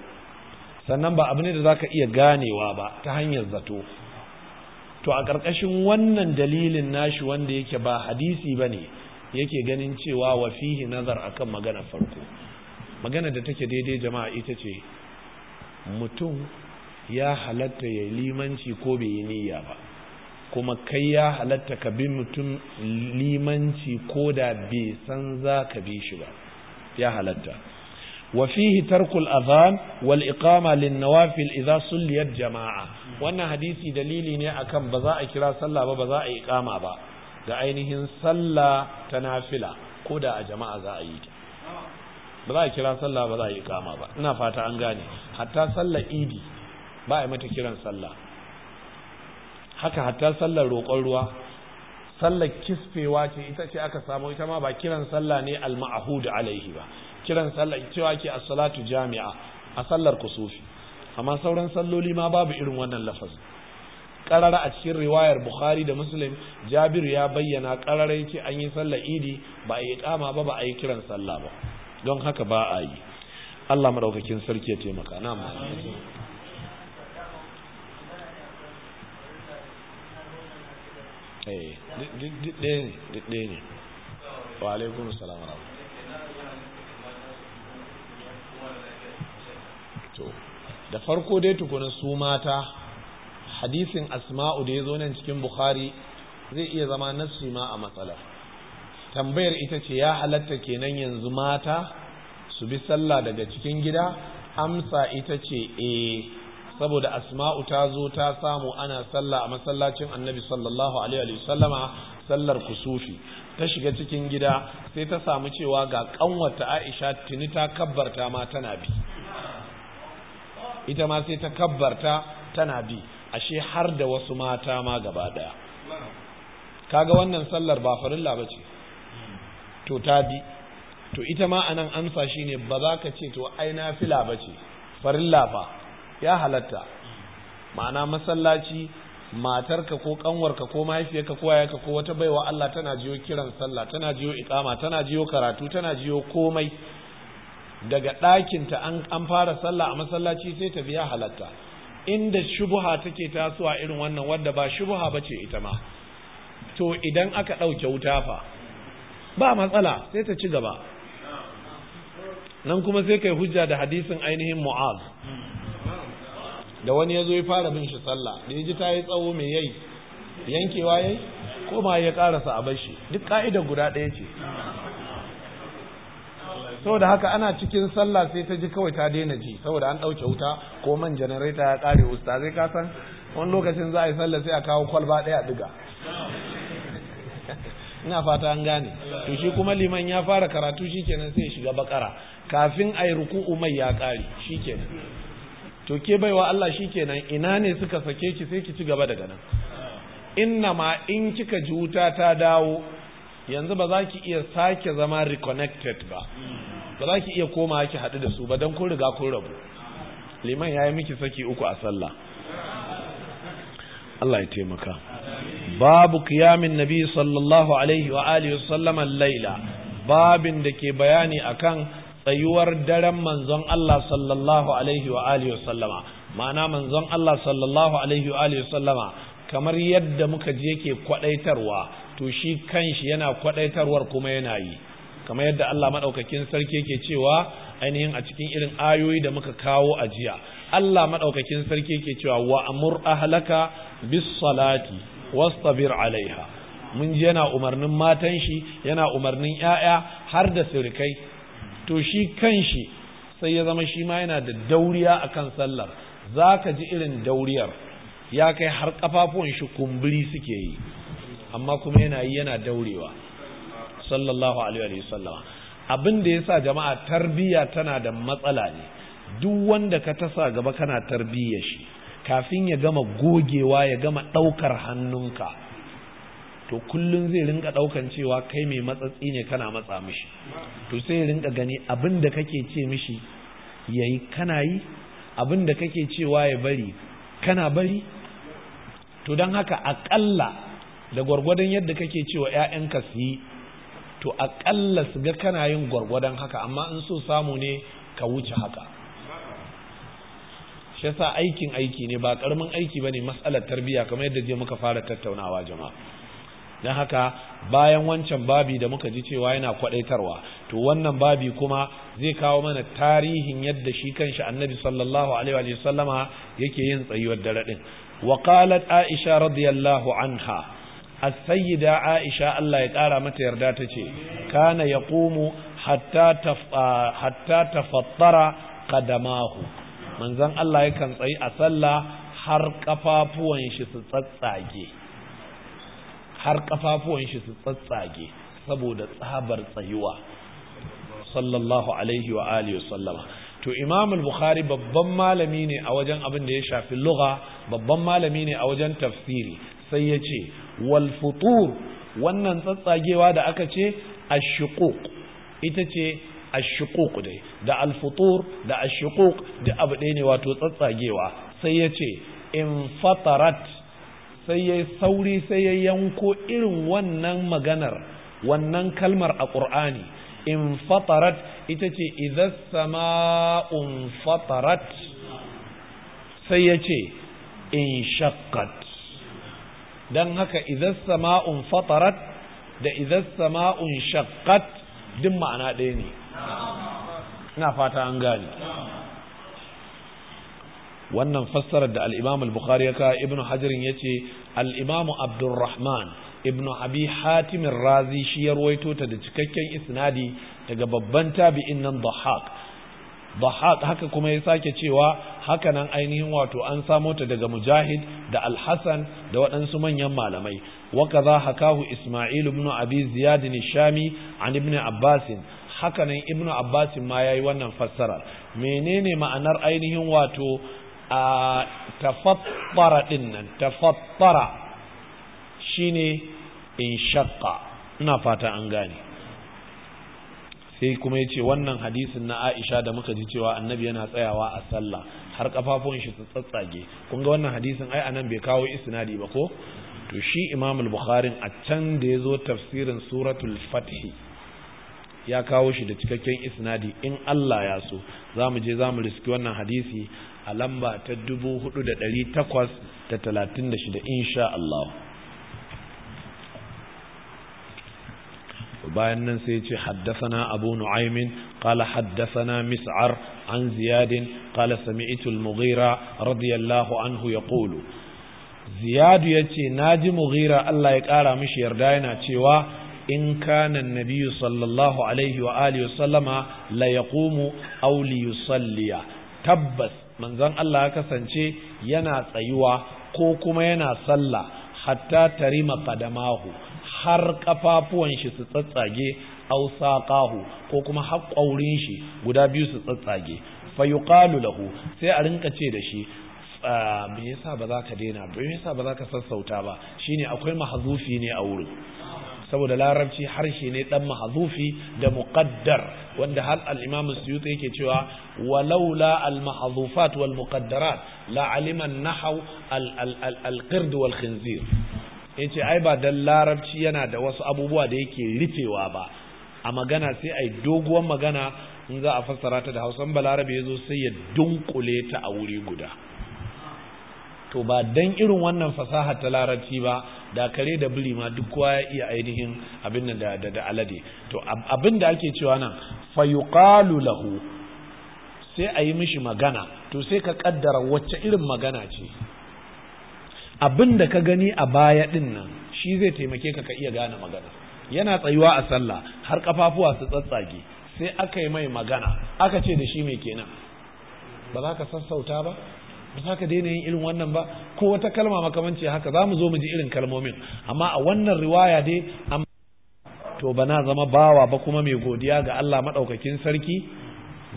sannan ba abu ne da zaka iya ganewa ba ta hanyar zato to a ƙarƙashin wannan dalilin nashi wanda yake ba hadisi ba ne yake ganin cewa wa fihi nazar akan magana farko magana da take daidai jama'a ita ce mutum ya halatta ya limanci ko bai yi niyya ba kuma kai ya halatta ka bi mutum limanci ko da bai san za ka bi shi ba ya halatta wa fihi tarkul azan wal iqama lin nawafil idza sulliyat jama'a wannan hadisi dalili ne akan ba za a kira sallah ba ba za a iqama ba ga ainihin sallah ta nafila ko da a jama'a za a yi ta ba za a kira sallah ba za a yi iqama ba ina fata an gane hatta sallar idi ba a mata kiran sallah haka hatta sallar roƙon ruwa sallar kisfewa ce ita ce aka samu ita ma ba kiran salla ne al-ma'hud alaihi ba kiran salla cewa ke as-salatu jami'a a sallar kusufi amma sauran salloli ma babu irin wannan lafazin karara a cikin riwayar bukhari da muslim jabiru ya bayyana qarara yake an yi sallar idi ba a yi kama ba ba a yi kiran salla ba don haka ba a yi Allah madaukakin sarki ya taimaka na da farko dai tukuna su mata hadisin asma'u da ya zo nan cikin bukhari zai iya zama nassi ma a matsala tambayar ita ce ya halatta kenan yanzu mata su bi sallah daga cikin gida amsa ita ce eh saboda asma'u ta zo ta samu ana sallah a masallacin annabi sallallahu alaihi wa sallama sallar kusufi ta shiga cikin gida sai ta samu cewa ga kanwata aisha tuni ta kabbarta ma tana bi ita ma sai ta kabbarta tana bi ashe har da wasu mata ma gaba daya kaga wannan sallar ba farilla bace to ta bi to ita ma anan amsa shine ba za ka ce to ai nafila bace farilla fa ya halatta ma'ana masallaci matarka ko kanwarka ko mahaifiyarka ko yayarka ko wata baiwa Allah tana jiyo kiran sallah tana jiyo iqama tana jiyo karatu tana jiyo komai daga ɗakinta an an fara sallah a masallaci sai ta biya halatta inda shubuha take tasowa irin wannan wadda ba shubuha bace ita ma to idan aka ɗauke wuta fa ba matsala sai ta ci gaba nan kuma sai kai hujja da hadisin ainihin mu'az da wani ya zo ya fara bin shi sallah da ya ji ta yi tsawo mai yayi yankewa yayi ko ma ya karasa a bashi duk ka'idar guda ɗaya ce saboda haka ana cikin sallah sai ta ji kawai ta daina ji saboda an ɗauke wuta ko man janareta ya ƙare usta zai kasan wani lokacin za a yi sallah sai a kawo kwalba ɗaya ɗiga <laughs> ina fata an gane to shi kuma liman ya fara karatu shikenan sai ya shiga bakara kafin a yi ruku'u mai ya ƙare shikenan to ke baiwa Allah shi kenan ina ne suka sake ki sai ki ci gaba daga nan inna ma in kika ji wuta ta dawo yanzu ba za ki iya sake zama reconnected ba ba za ki iya koma ki haɗu da su ba don kun riga kun rabu liman ya yi miki saki uku a sallah Allah ya taimaka babu kiyamin nabi sallallahu alaihi wa alihi sallama laila babin da ke bayani akan tsayuwar daren manzon Allah sallallahu alaihi wa alihi wasallama ma'ana manzon Allah sallallahu alaihi wa alihi wasallama kamar yadda muka je yake kwadaitarwa to shi kanshi yana kwadaitarwar kuma yana yi kamar yadda Allah madaukakin sarki yake cewa ainihin a cikin irin ayoyi da muka kawo a jiya Allah madaukakin sarki yake cewa wa amur ahlaka bis salati wastabir alaiha mun ji yana umarnin matan shi yana umarnin 'ya'ya har da surikai. to shi kan shi sai ya zama shi ma yana da dauriya kan sallar za ka ji irin dauriyar ya kai har kafafuwan shi kumburi suke yi amma kuma yana yi yana daurewa sallallahu alaihi wa sallam abin da yasa jama'a tarbiyya tana da matsala ne duk wanda ka tasa gaba kana tarbiyyar shi kafin ya gama gogewa ya gama daukar hannunka to kullun zai rinka daukan cewa kai mai matsatsi ne kana matsa mishi to sai rinka gani abin da kake ce mishi yayi kana yi abin da kake cewa ya bari kana bari to don haka akalla da gwargwadon yadda kake cewa 'ya'yanka su yi to akalla su ga kana yin gwargwadon haka amma in so samu ne ka wuce haka shi aikin aiki ne ba karamin aiki bane mas'alar tarbiyya kamar yadda je muka fara tattaunawa jama'a don haka bayan wancan babi da muka ji cewa yana kwadaitarwa to wannan babi kuma zai kawo mana tarihin yadda shi kanshi annabi sallallahu alaihi wa yake yin tsayuwar dare din wa qalat aisha radiyallahu anha as-sayyida aisha Allah ya kara mata yarda tace kana yaqumu hatta taf hatta tafattara qadamahu manzon Allah yakan tsayi a sallah har kafafuwan shi su tsatsage har ƙafafuwan shi su tsatsage saboda tsabar tsayuwa sallallahu alaihi wa alihi wa sallama to imam al-bukhari babban malami ne a wajen abin da ya shafi lugha babban malami ne a wajen tafsiri sai ya ce wal futur wannan tsatsagewa da aka ce ashuquq ita ce ashuquq dai da al futur da ashuquq da abu ɗaya ne wato tsatsagewa sai ya ce in fatarat sai ya sauri sai ya yanko irin wannan maganar wannan kalmar a ƙur'ani in fatarat ita ce idan sama'un fatarat sai ya ce in shakkat don haka idan sama'un fatarat da idan sama'un shakkat din ma'ana ɗaya ne ina fata an gani. wannan fassarar da al al-bukhari ya kawo ibnu hajar ya al-imam Abdulrahman, ibnu abi hatimin razi shi ya ruwaito ta da cikakken isnadi daga babban tabi'in nan dhahak dhahak haka kuma ya sake cewa haka nan ainihin wato an samo ta daga mujahid da Alhassan da waɗansu manyan malamai hakahu Isma'il إسماعيل بن أبي زياد الشامي عن ابن عباس hakanan ibnu abbasin ma yayi wannan fassara menene ma'anar ainihin wato a tafattara din nan tafattara shine in ina fata an gane sai kuma yace wannan hadisin na Aisha da muka ji cewa annabi yana tsayawa a sallah har kafafun shi su tsatsage kun ga wannan hadisin ai anan bai kawo isnadi ba ko to shi Imam al-Bukhari a can da yazo tafsirin suratul Fath ya kawo shi da cikakken isnadi in Allah ya so zamu je zamu riski wannan hadisi a lamba ta 4836 insha Allah bayan nan sai ce haddasana abu kala haddasa na mis'ar an ziyadin kala sami'tu al-mughira radiyallahu anhu yaqulu ziyad yace ji mughira Allah ya kara mishi yarda yana cewa in kanan nabiyyu sallallahu alaihi wa alihi wasallama la yaqumu tabbas manzon Allah ya kasance yana tsayuwa ko kuma yana sallah hatta tarima qadamahu har kafafuwan shi su tsatsage aw saqahu ko kuma har shi guda biyu su tsatsage fa yuqalu lahu sai a rinka ce da shi ah, me yasa ba za ka daina ba me yasa ba za ka sassauta ba shine akwai mahazufi ne a wurin saboda larabci harshe ne dan mahazufi da muqaddar wanda har al-imam suyuti yake cewa walaula al-mahzufat wal muqaddarat la alima an-nahw al-qird wal khinzir yace ai ba dan larabci yana da wasu abubuwa da yake ricewa ba a magana sai ai doguwar magana in za a fassara ta da Hausa balarabe yazo sai ya dunkule ta a wuri guda to ba dan irin wannan fasaha ta larabci ba da kare da biri ma duk kowa ya iya ainihin abin da da, da alade to abin da ake cewa nan fa yuqalu lahu sai a yi mishi magana to sai ka kaddara wacce irin magana ce abin da ka gani a baya din nan shi zai taimake ka ka iya gane magana yana tsayuwa a sallah har kafafuwa su tsatsage sai aka yi mai magana aka ce da shi mai kenan ba za ka sassauta ba ba za ka daina yin irin wannan ba ko wata kalma makamanci haka za mu zo mu ji irin kalmomin amma a wannan riwaya dai an to bana zama bawa ba kuma mai godiya ga Allah madaukakin sarki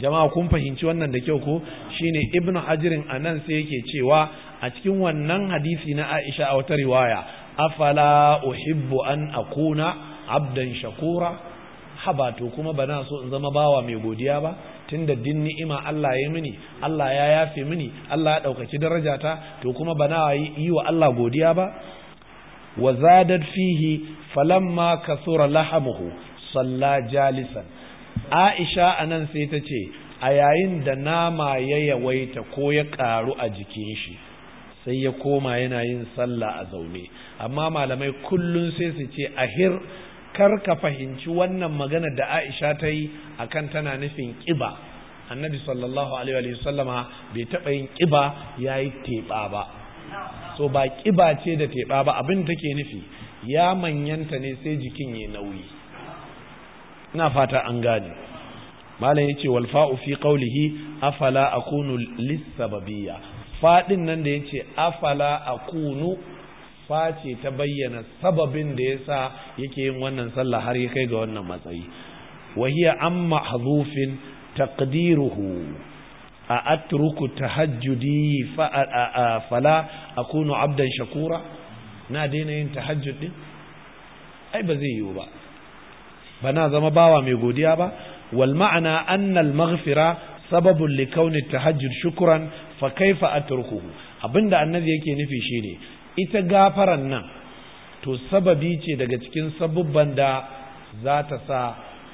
jama'a kun fahimci wannan da kyau ko shine ibnu hajirin anan sai yake cewa a cikin wannan hadisi na Aisha a wata riwaya afala uhibbu an akuna abdan shakura haba to kuma ba na so in zama bawa mai godiya ba tunda din ni'ima Allah ya mini Allah ya yafe mini Allah ya ɗaukaki darajata to kuma ba na yi wa Allah godiya ba wa zadat fihi falamma kasura lahamuhu salla jalisan Aisha anan sai ta ce a yayin da nama ya yawaita ko ya karu a jikin shi sai ya koma yana yin sallah a zaune amma malamai kullum sai su ce a ahir kar ka fahimci wannan magana da Aisha ta yi akan tana nufin ƙiba annabi sallallahu alaihi wa sallama bai taɓa yin ƙiba ya yi teɓa ba so ba ƙiba ce da teɓa ba abin da take nufi ya manyanta ne sai jikin ya nauyi ina fata an gane malam yace wal fa'u fi qawlihi afala akunu lis sababiyya fadin nan da yace afala akunu kafa ce ta bayyana sababin da yasa yake yin wannan sallah har ya kai ga wannan matsayi wa hiya an mahzufin taqdiruhu a atruku tahajjudi fa fala akunu abdan shakura na daina yin tahajjud din ai ba zai yiwu ba bana zama bawa mai godiya ba wal ma'ana anna al maghfira sababun li tahajjud shukran fa kaifa atrukuhu abinda annabi yake nufi shine ita gafaran nan to sababi ce daga cikin sabubban da za ta sa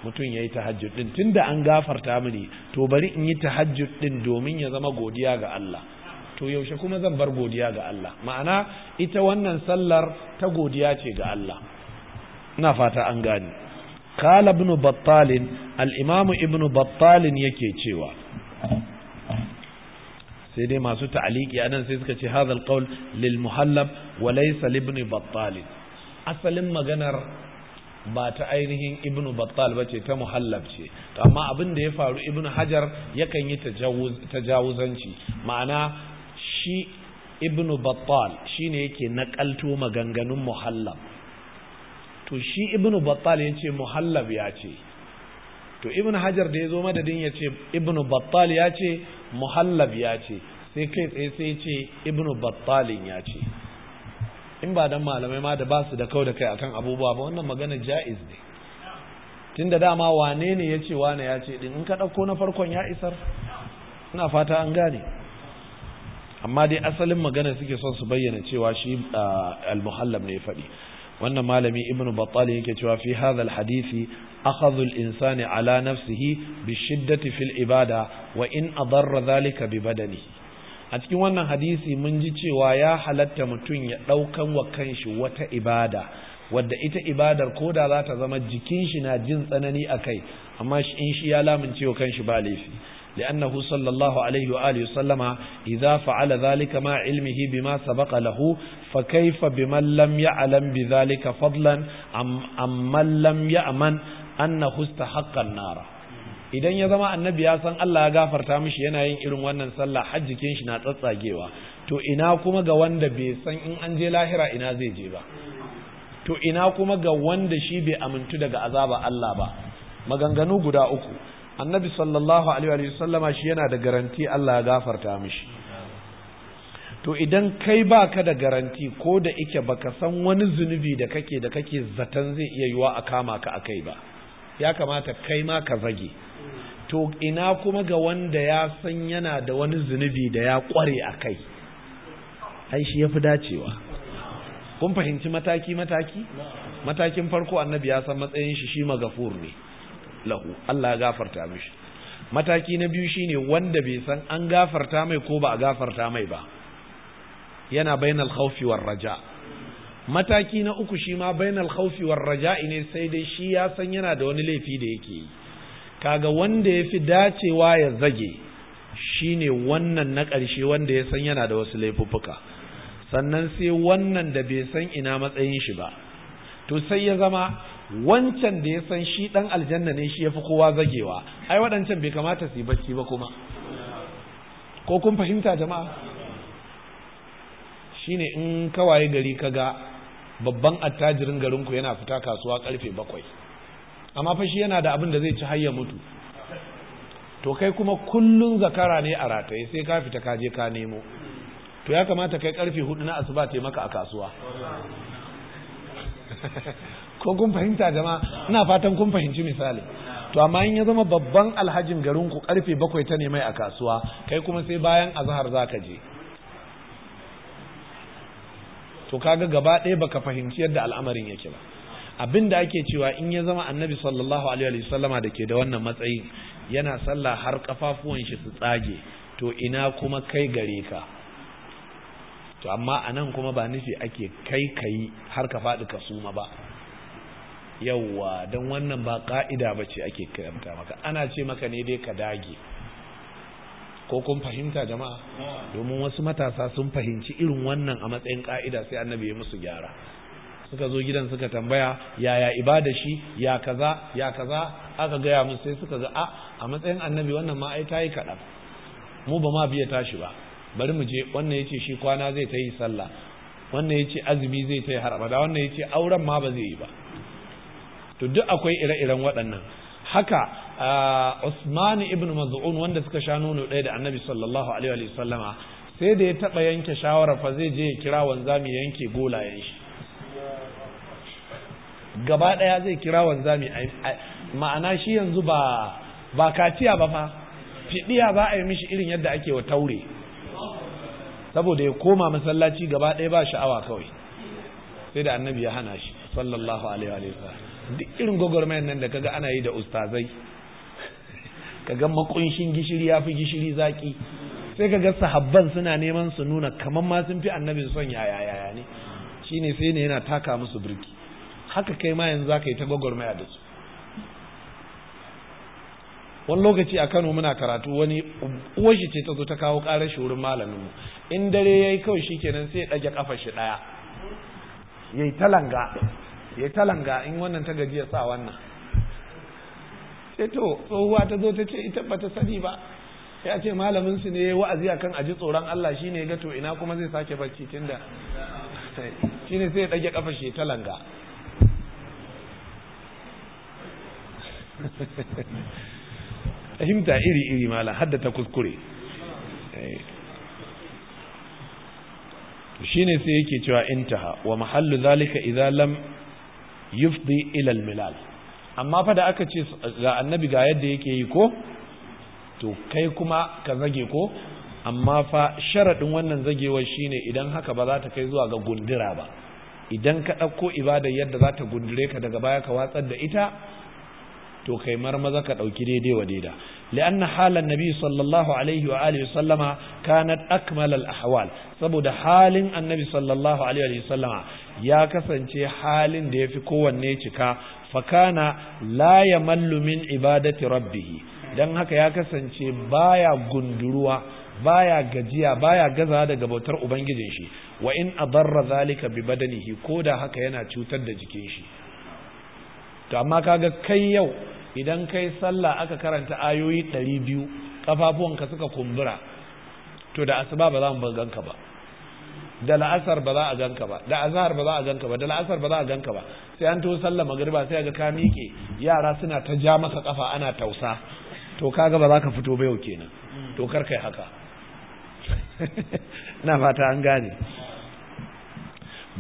mutum ya yi tahajjud ɗin tun da an gafarta mini to bari in yi tahajjud ɗin domin ya zama godiya ga Allah to yaushe kuma zan bar godiya ga Allah ma'ana ita wannan sallar ta godiya ce ga Allah ina fata an gani. qala ibn battalin al imamu ibn battalin yake cewa sai dai masu ta'aliki anan sai suka ce hadha alqawl lil muhallab wa laysa li ibn battal asalin maganar ba ta ainihin ibn battal ce ta muhallab ce to amma abin da ya faru ibn hajar yakan yi ta tajawuzanci ma'ana shi ibn battal shine yake nakalto maganganun muhallab to shi ibn battal yace muhallab ya ce to ibn hajar da ya zo madadin ya ce ibn battal ya ce muhallab ya ce sai kai tsaye sai ce ibn battalin ya ce in ba dan malamai ma da ba su da kau da kai akan abubuwa ba wannan magana ja'iz ne tunda dama wane ne ya ce wane ya ce din in ka ɗauko na farkon ya isar ina fata an gane amma dai asalin magana suke son su bayyana cewa shi ah, al-muhallab ne ya faɗi wannan malami ibnu battal yake cewa fi hadisi alhadisi akhadhu al-insani ala nafsihi bi shiddati fil ibada wa in adarra dhalika bi badani a cikin wannan hadisi mun ji cewa ya halatta mutum ya daukan wa kanshi wata ibada wadda ita ibadar koda za ta zama jikin shi na jin tsanani akai amma in shi ya lamince cewa kanshi ba laifi لأنه صلى الله عليه وآله وسلم إذا فعل ذلك مع علمه بما سبق له فكيف بمن لم يعلم بذلك فضلا أم, من لم يأمن أنه استحق النار idan ya zama annabi ya san Allah ya gafarta mishi yana yin irin wannan sallah har kin shi na tsatsagewa to ina kuma ga wanda bai san in an je lahira ina zai je ba to ina kuma ga wanda shi bai amintu daga azaba Allah ba maganganu guda uku annabi sallallahu alaihi wa shi yana da garanti Allah ya gafarta mishi to idan kai baka da garanti ko da ike baka san wani zunubi da kake da kake zaton zai iya yiwa a kama ka akai ba ya kamata kai ma ka zage to ina kuma ga wanda ya san yana da wani zunubi da ya kware a kai ai shi yafi dacewa kun fahimci mataki mataki matakin farko annabi ya san matsayin shi shi magafur ne lahu Allah ya gafarta mishi mataki na biyu shine wanda bai san an gafarta mai ko ba a gafarta mai ba yana bainal khawfi war raja mataki na uku shima ma bainal khawfi war raja ne sai dai shi ya san yana da wani laifi da yake yi kaga wanda ya fi dacewa ya zage shine wannan na ƙarshe wanda ya san yana da wasu laifuffuka sannan sai wannan da bai san ina matsayin shi ba to sai ya zama wancan da ya san shi dan aljanna ne shi ya fi kowa zagewa ai waɗancan bai kamata su yi bacci ba kuma ko kun fahimta jama'a shine in kawaye gari ka ga babban attajirin garinku yana fita kasuwa karfe bakwai amma fa shi yana da abin da zai ci har ya mutu to kai kuma kullun zakara ne a rataye sai ka fita ka je ka nemo to ya kamata kai karfe hudu na asuba taimaka maka a kasuwa <laughs> ko kun fahimta jama'a ina fatan kun fahimci misali to amma in ya zama babban alhajin garin ku karfe bakwai ta ne mai a kasuwa kai kuma sai bayan azahar za ka je to kaga gaba ɗaya baka fahimci yadda al'amarin yake ba abin da ake cewa in ya zama annabi sallallahu alaihi wasallama da ke da wannan matsayin yana sallah har kafafuwan shi su tsage to ina kuma kai gare ka to amma anan kuma ba nufi ake kai kai har ka faɗi ka suma ba yawwa don wannan ba ka'ida ba ce ake karanta maka ana ce maka ne dai ka dage ko kun fahimta jama'a domin wasu matasa sun fahimci irin wannan a matsayin ka'ida sai annabi ya musu gyara suka zo gidan suka tambaya yaya ibada shi ya kaza ya kaza aka gaya musu sai suka ga a matsayin annabi wannan ma ai tayi kaɗan mu ba ma biya tashi ba bari mu je wannan yace shi kwana zai ta yi sallah wannan yace azumi zai ta yi har abada wannan yace auren ma ba zai yi ba to duk akwai ire-iren waɗannan haka Usman ibn Maz'un wanda suka sha nono ɗaya da Annabi sallallahu alaihi wa sallama sai da ya taɓa yanke shawara fa zai je ya kira wanzami ya yanke golayen shi gaba ɗaya zai kira wanzami ma'ana shi yanzu ba ba kaciya ba fa fidiya ba a yi mishi irin yadda ake wa taure saboda ya koma masallaci gaba ɗaya ba sha'awa kawai sai da annabi ya hana shi sallallahu alaihi wa sallam duk irin gwagwarmayar nan da kaga ana yi da ustazai kaga makunshin gishiri ya fi gishiri zaki sai kaga sahabban suna neman su nuna kamar ma sun fi annabi son yaya yaya ne shine sai ne yana taka musu birki haka kai ma yanzu zaka yi ta gwagwarmaya da su wani lokaci a Kano muna karatu wani shi ce ta zo ta kawo karar shi wurin malamin mu in dare yayi kawai shikenan sai ya dage kafar shi daya yayi talanga ya talanga in wannan ta gajiya sa wannan sai to tsohuwa ta zo ta ce ita ba ta sani ba ya ce malamin su ne wa'azi akan aji tsoron Allah shine ga to ina kuma zai sake barci tunda shine sai ya dage kafa shi talanga fahimta iri iri mala haddata kuskure eh. shine sai yake cewa intaha wa mahallu zalika idza lam yufdi ilal milal amma fa da aka ce ga annabi ga yadda yake yi ko to kai kuma ka zage ko amma fa sharaɗin wannan zagewar shine idan haka ba za ta kai zuwa ga gundura ba idan ka ɗauko ibada yadda za ta gundure ka daga baya ka watsar da ita to kai maza ka ɗauki daidai wa daida li'anna halan nabi sallallahu alaihi wa alihi sallama kanat akmal al ahwal saboda halin annabi sallallahu alaihi wa sallama ya kasance halin da ya fi kowanne cika fakana la ya mallumin ibadati rabbihi don haka ya kasance baya gunduruwa baya gajiya baya gaza daga bautar ubangijin shi wa in adarra zalika bi badanihi ko da haka yana cutar da jikin shi to amma kaga kai yau idan kai sallah aka karanta ayoyi 200 kafafuwanka suka kumbura to da asuba ba za mu ganka ba da la'asar ba za a ganka ba da azhar ba za a ganka ba da la'asar ba za a ganka ba sai an to sallar magriba sai ga ka miƙe yara suna ta ja maka kafa ana tausa to kaga ba za ka fito ba yau kenan to kar kai haka <laughs> na fata an gane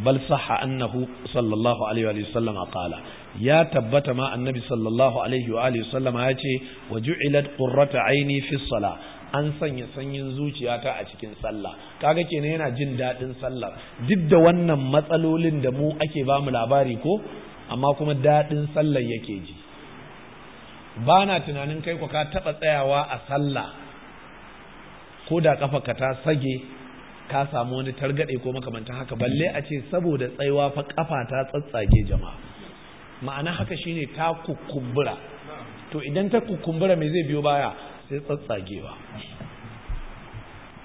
bal sahha annahu sallallahu alaihi wa sallam qala ya tabbata ma annabi sallallahu alaihi wa alihi sallama ya ce wa ju'ilat qurratu aini fi salah an sanya sanyin zuciyata a cikin sallah kaga kenan yana jin daɗin sallah duk da wannan matsalolin da mu ake ba mu labari ko amma kuma daɗin sallah yake ji ba na tunanin kai ka taɓa tsayawa a sallah ko da ka ta sage ka samu wani targaɗe ko makamantan haka balle a ce saboda tsayuwa fa kafa ta tsatsage jama'a ma'ana haka shine ta kukumbura to idan ta kukumbura me zai biyo baya sai tsatsagewa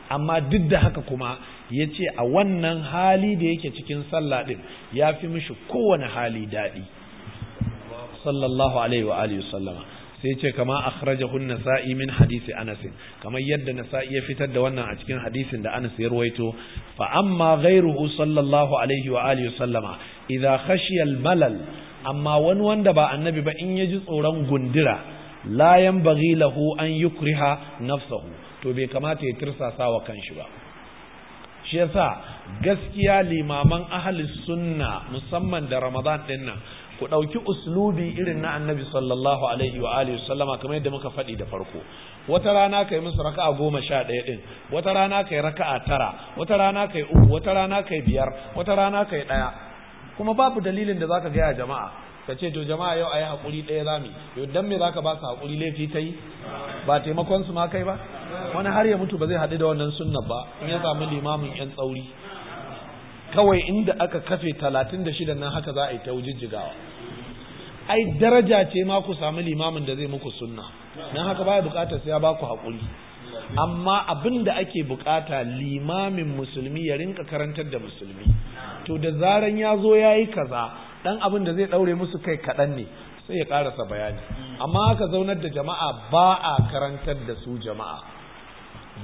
amma duk da haka kuma ya ce a wannan hali da yake cikin sallah ɗin ya fi mishi kowane hali daɗi sallallahu alaihi wa alihi sallama sai ce kama hunna sa'i min hadisi anas kamar yadda na sa'i ya fitar da wannan a cikin hadisin da anas ya ruwaito fa amma ghayruhu sallallahu alaihi wa alihi sallama idza khashiya malal amma wani wanda ba annabi ba in ya ji tsoron gundira la yanbaghi lahu an yukriha nafsahu to bai kamata ya tirsasa wa kanshi ba shi yasa gaskiya limaman ahalis sunna musamman da ramadan din nan ku ɗauki uslubi irin na annabi sallallahu alaihi wa alihi sallama kamar yadda muka faɗi da farko wata rana kai musu raka'a goma sha ɗaya ɗin wata rana kai raka'a tara wata rana kai uku wata rana kai biyar wata rana kai ɗaya kuma babu dalilin da zaka gaya jama'a ka ce to jama'a yau ayi hakuri ɗaya za yau dan me zaka ba su hakuri laifi yi, ba taimakon su ma kai ba wani har ya mutu ba zai haɗu da wannan sunna ba in ya samu limamin yan tsauri kawai inda aka kafe talatin da shida nan haka za a yi ta wujijjigawa ai daraja ce ma ku samu limamin da zai muku sunna nan haka baya bukatar sai ya ba ku hakuri amma abin da ake bukata limamin musulmi ya rinka karantar da musulmi to da zaran ya zo ya yi kaza dan abin da zai daure musu kai kaɗan ne sai ya ƙarasa bayani amma aka zaunar da jama'a ba a karantar da su jama'a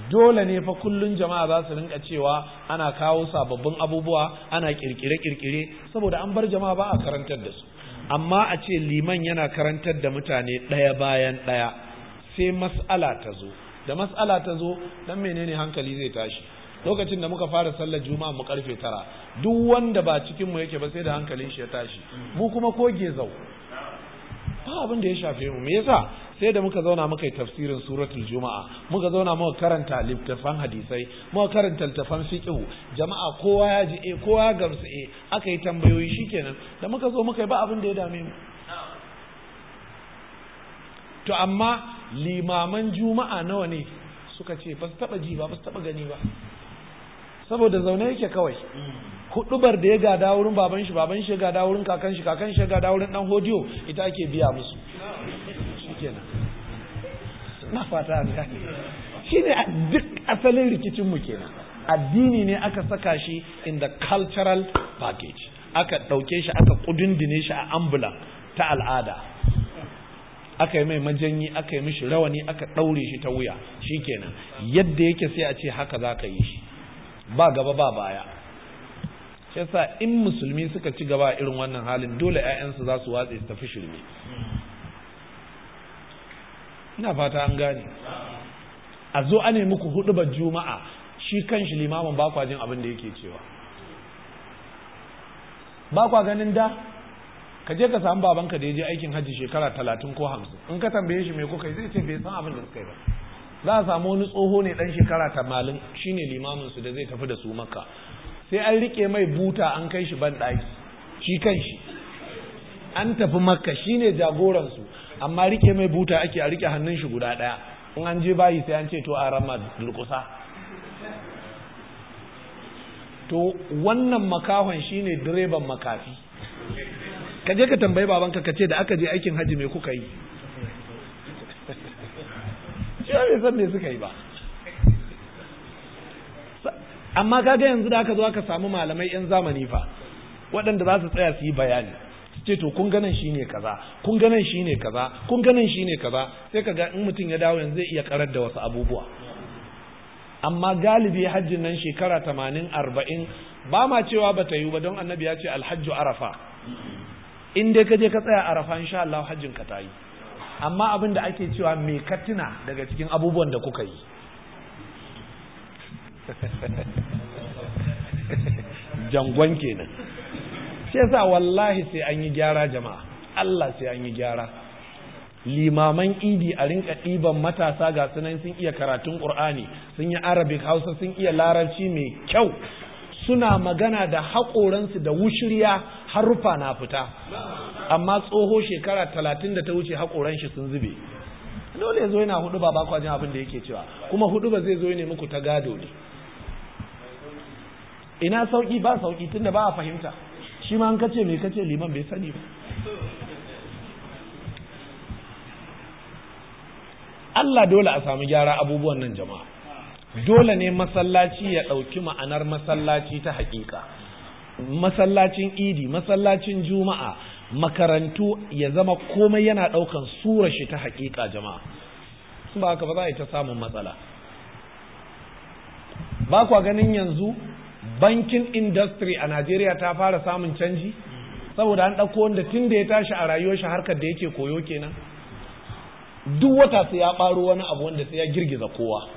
dole ne fa kullun jama'a za su rinka cewa ana kawo sababbin abubuwa ana kirkire-kirkire saboda an bar jama'a ba a karantar da su amma a ce liman yana karantar da mutane ɗaya bayan ɗaya sai mas'ala ta zo da mas'ala ta zo dan menene hankali zai tashi lokacin da muka fara sallar juma'a mu karfe tara duk wanda ba cikin mu yake ba sai da hankalin shi ya tashi mu kuma ko gezau ba abin da ya shafe mu me yasa sai da muka zauna muka yi tafsirin suratul juma'a muka zauna muka karanta littafan hadisai muka karanta littafan fiqh jama'a kowa ya ji eh kowa ya gamsu eh aka yi tambayoyi shikenan da muka zo muka yi ba abin da ya dame mu to amma limaman juma'a nawa ne suka ce ba su taba ji ba ba su taba gani ba saboda zaune yake kawai hudubar da ya gada wurin baban shi baban shi ya gada wurin kakan shi kakan shi ya gada wurin dan hodiyo ita ake biya musu shikenan na fata an gane shine duk asalin rikicin mu kenan addini ne aka saka shi in the cultural package aka dauke shi aka kudindine shi a ambulan ta al'ada aka yi mai majanyi aka yi mishi rawani aka daure shi ta wuya shikenan yadda yake sai a ce haka ka yi shi ba gaba ba baya shi yasa in musulmi suka ci gaba irin wannan halin dole 'ya'yansu za su watse su tafi shirme ina fata an gane a zo a muku hudu ba juma'a shi kan shi limamin ba kwa jin abin da yake cewa ba kwa ganin da ka je ka samu babanka da ya je aikin hajji shekara talatin ko hamsin in ka tambaye shi me kuka zai ce bai san abin da suka yi ba za a samu wani tsoho ne ɗan shekara tamalin shine limamin su da zai tafi da su makka sai an rike mai buta an kai shi ban ɗaki shi kan shi an tafi makka shine jagoran su amma rike mai buta ake a rike hannun shi guda ɗaya in an je bayi sai an ce to a rama durkusa to wannan makahon shine direban makafi kaje ka tambayi babanka ka ce da aka je aikin hajji me kuka yi cewa bai san me suka yi ba amma kaga yanzu da aka zo aka samu malamai yan zamani fa waɗanda za su tsaya su yi bayani su ce to kun ganin shi ne kaza kun ganin shi ne kaza kun ganin shi ne kaza sai kaga in mutum ya dawo yanzu zai iya karar da wasu abubuwa amma galibi hajjin nan shekara tamanin arba'in ba ma cewa ba ta yi ba don annabi ya ce alhajju arafa in dai ka je ka tsaya arafa insha Allah hajjin ka ta yi amma abin da ake cewa mai katina daga cikin abubuwan da kuka yi <laughs> jangon kenan shi yasa wallahi sai an yi gyara jama'a Allah sai an yi gyara limaman idi a rinka ɗiban matasa ga sunan sun iya karatun ƙur'ani sun yi arabic hausa sun iya larabci mai kyau suna magana da haƙoransu da wushiriya. haruffa na fita amma tsoho shekara talatin da ta wuce haƙoran shi sun zube dole zo yana hudu ba bakwa jin abin da yake cewa kuma hudu ba zai zo ne muku ta gado ne ina sauki ba sauki tunda ba a fahimta shi ma an kace me kace liman bai sani ba Allah dole a samu gyara abubuwan nan jama'a dole ne masallaci ya ɗauki ma'anar masallaci ta haƙiƙa masallacin idi masallacin juma'a makarantu ya zama komai yana ɗaukan surar shi ta haƙiƙa jama'a ba haka ba za a yi ta samun matsala ba kwa ganin yanzu bankin industry a Najeriya ta fara samun canji saboda an ɗauko wanda tun da ya tashi a rayuwar shi harkar da yake koyo kenan duk wata sai ya ɓaro wani abu wanda sai ya girgiza kowa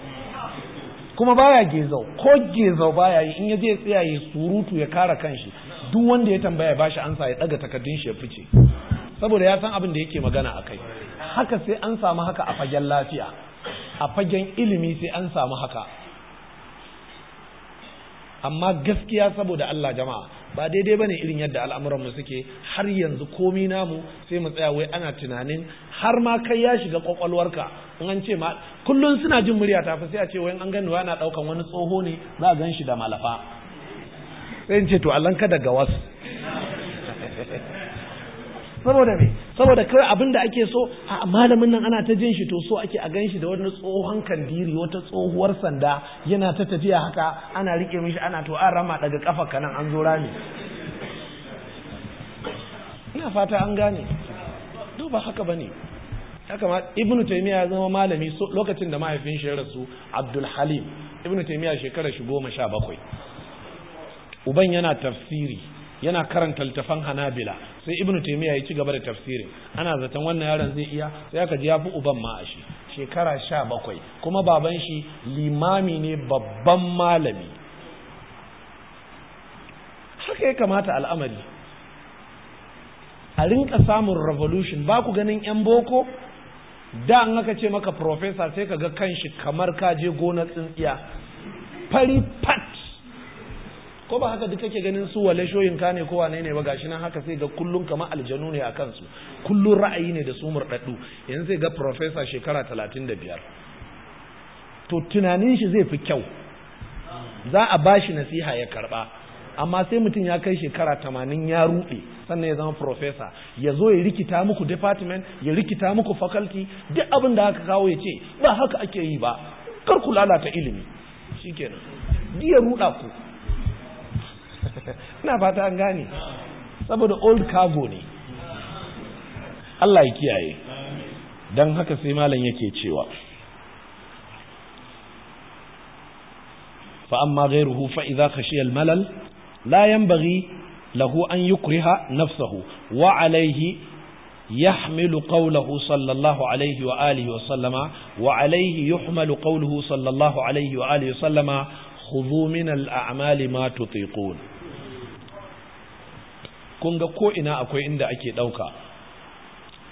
kuma baya gezau ko gezau baya yi in ya je tsaya ya surutu ya kara kanshi duk wanda ya tambaya bashi ansa ya daga takardun shi ya fice saboda ya san abin da yake magana a kai haka sai an samu haka a fagen lafiya a fagen ilimi sai an samu haka amma gaskiya saboda Allah jama'a ba daidai bane irin yadda al'amuranmu suke har yanzu komi namu sai mu tsaya wai ana tunanin har ma kai ya shiga kwakwalwarka in an ce ma kullun suna jin murya ta fa sai a ce wai an gani wa ana daukan wani tsoho ne za a gan shi da malafa sai in ce to Allah ka daga wasu saboda me saboda kawai abin da ake so a malamin nan ana ta jin shi to so ake a gan shi da wani tsohon kandiri wata tsohuwar sanda yana ta tafiya haka ana rike mishi ana to an rama daga kafa kanan an zo rami ina fata an gane to ba haka bane haka ma ibn taymiya ya zama malami lokacin da mahaifin shi ya rasu abdul halim ibn taymiya shekarar shi goma sha bakwai uban yana tafsiri yana karanta littafan hanabila sai ibnu taymiya ya ci gaba da tafsirin ana zaton wannan yaron zai iya sai aka ji ya fi uban ma a shi shekara sha bakwai kuma baban shi limami ne babban malami haka ya kamata al'amari a rinka samun revolution ba ku ganin 'yan boko da an aka ce maka profesa sai ka ga kanshi kamar ka je gonar tsintsiya fari fat. ko ba haka duk kake ganin su wale shoyin ka ne ko wane ne ba gashi nan haka sai ga kullun kamar aljanu ne a kansu kullun ra'ayi ne da su murɗaɗɗu yanzu sai ga professor shekara talatin da biyar to tunanin shi zai fi kyau za a bashi nasiha ya karɓa amma sai mutum ya kai shekara tamanin ya ruɗe sannan ya zama professor ya zo ya rikita muku department ya rikita muku faculty duk abin da aka kawo ya ce ba haka ake yi ba kar ku lalata ilimi shikenan duk ya ruɗa ku <laughs> ina fata an gane saboda old cargo ne Allah ya kiyaye don haka sai malam yake cewa fa amma ghairuhu fa idza khashiya al-malal la yanbaghi lahu an yukriha nafsahu wa alayhi يحمل قوله صلى الله عليه وآله وسلم وعليه يحمل قوله صلى الله عليه وآله وسلم خذوا من الأعمال ما تطيقون kun ga ko ina akwai inda ake ɗauka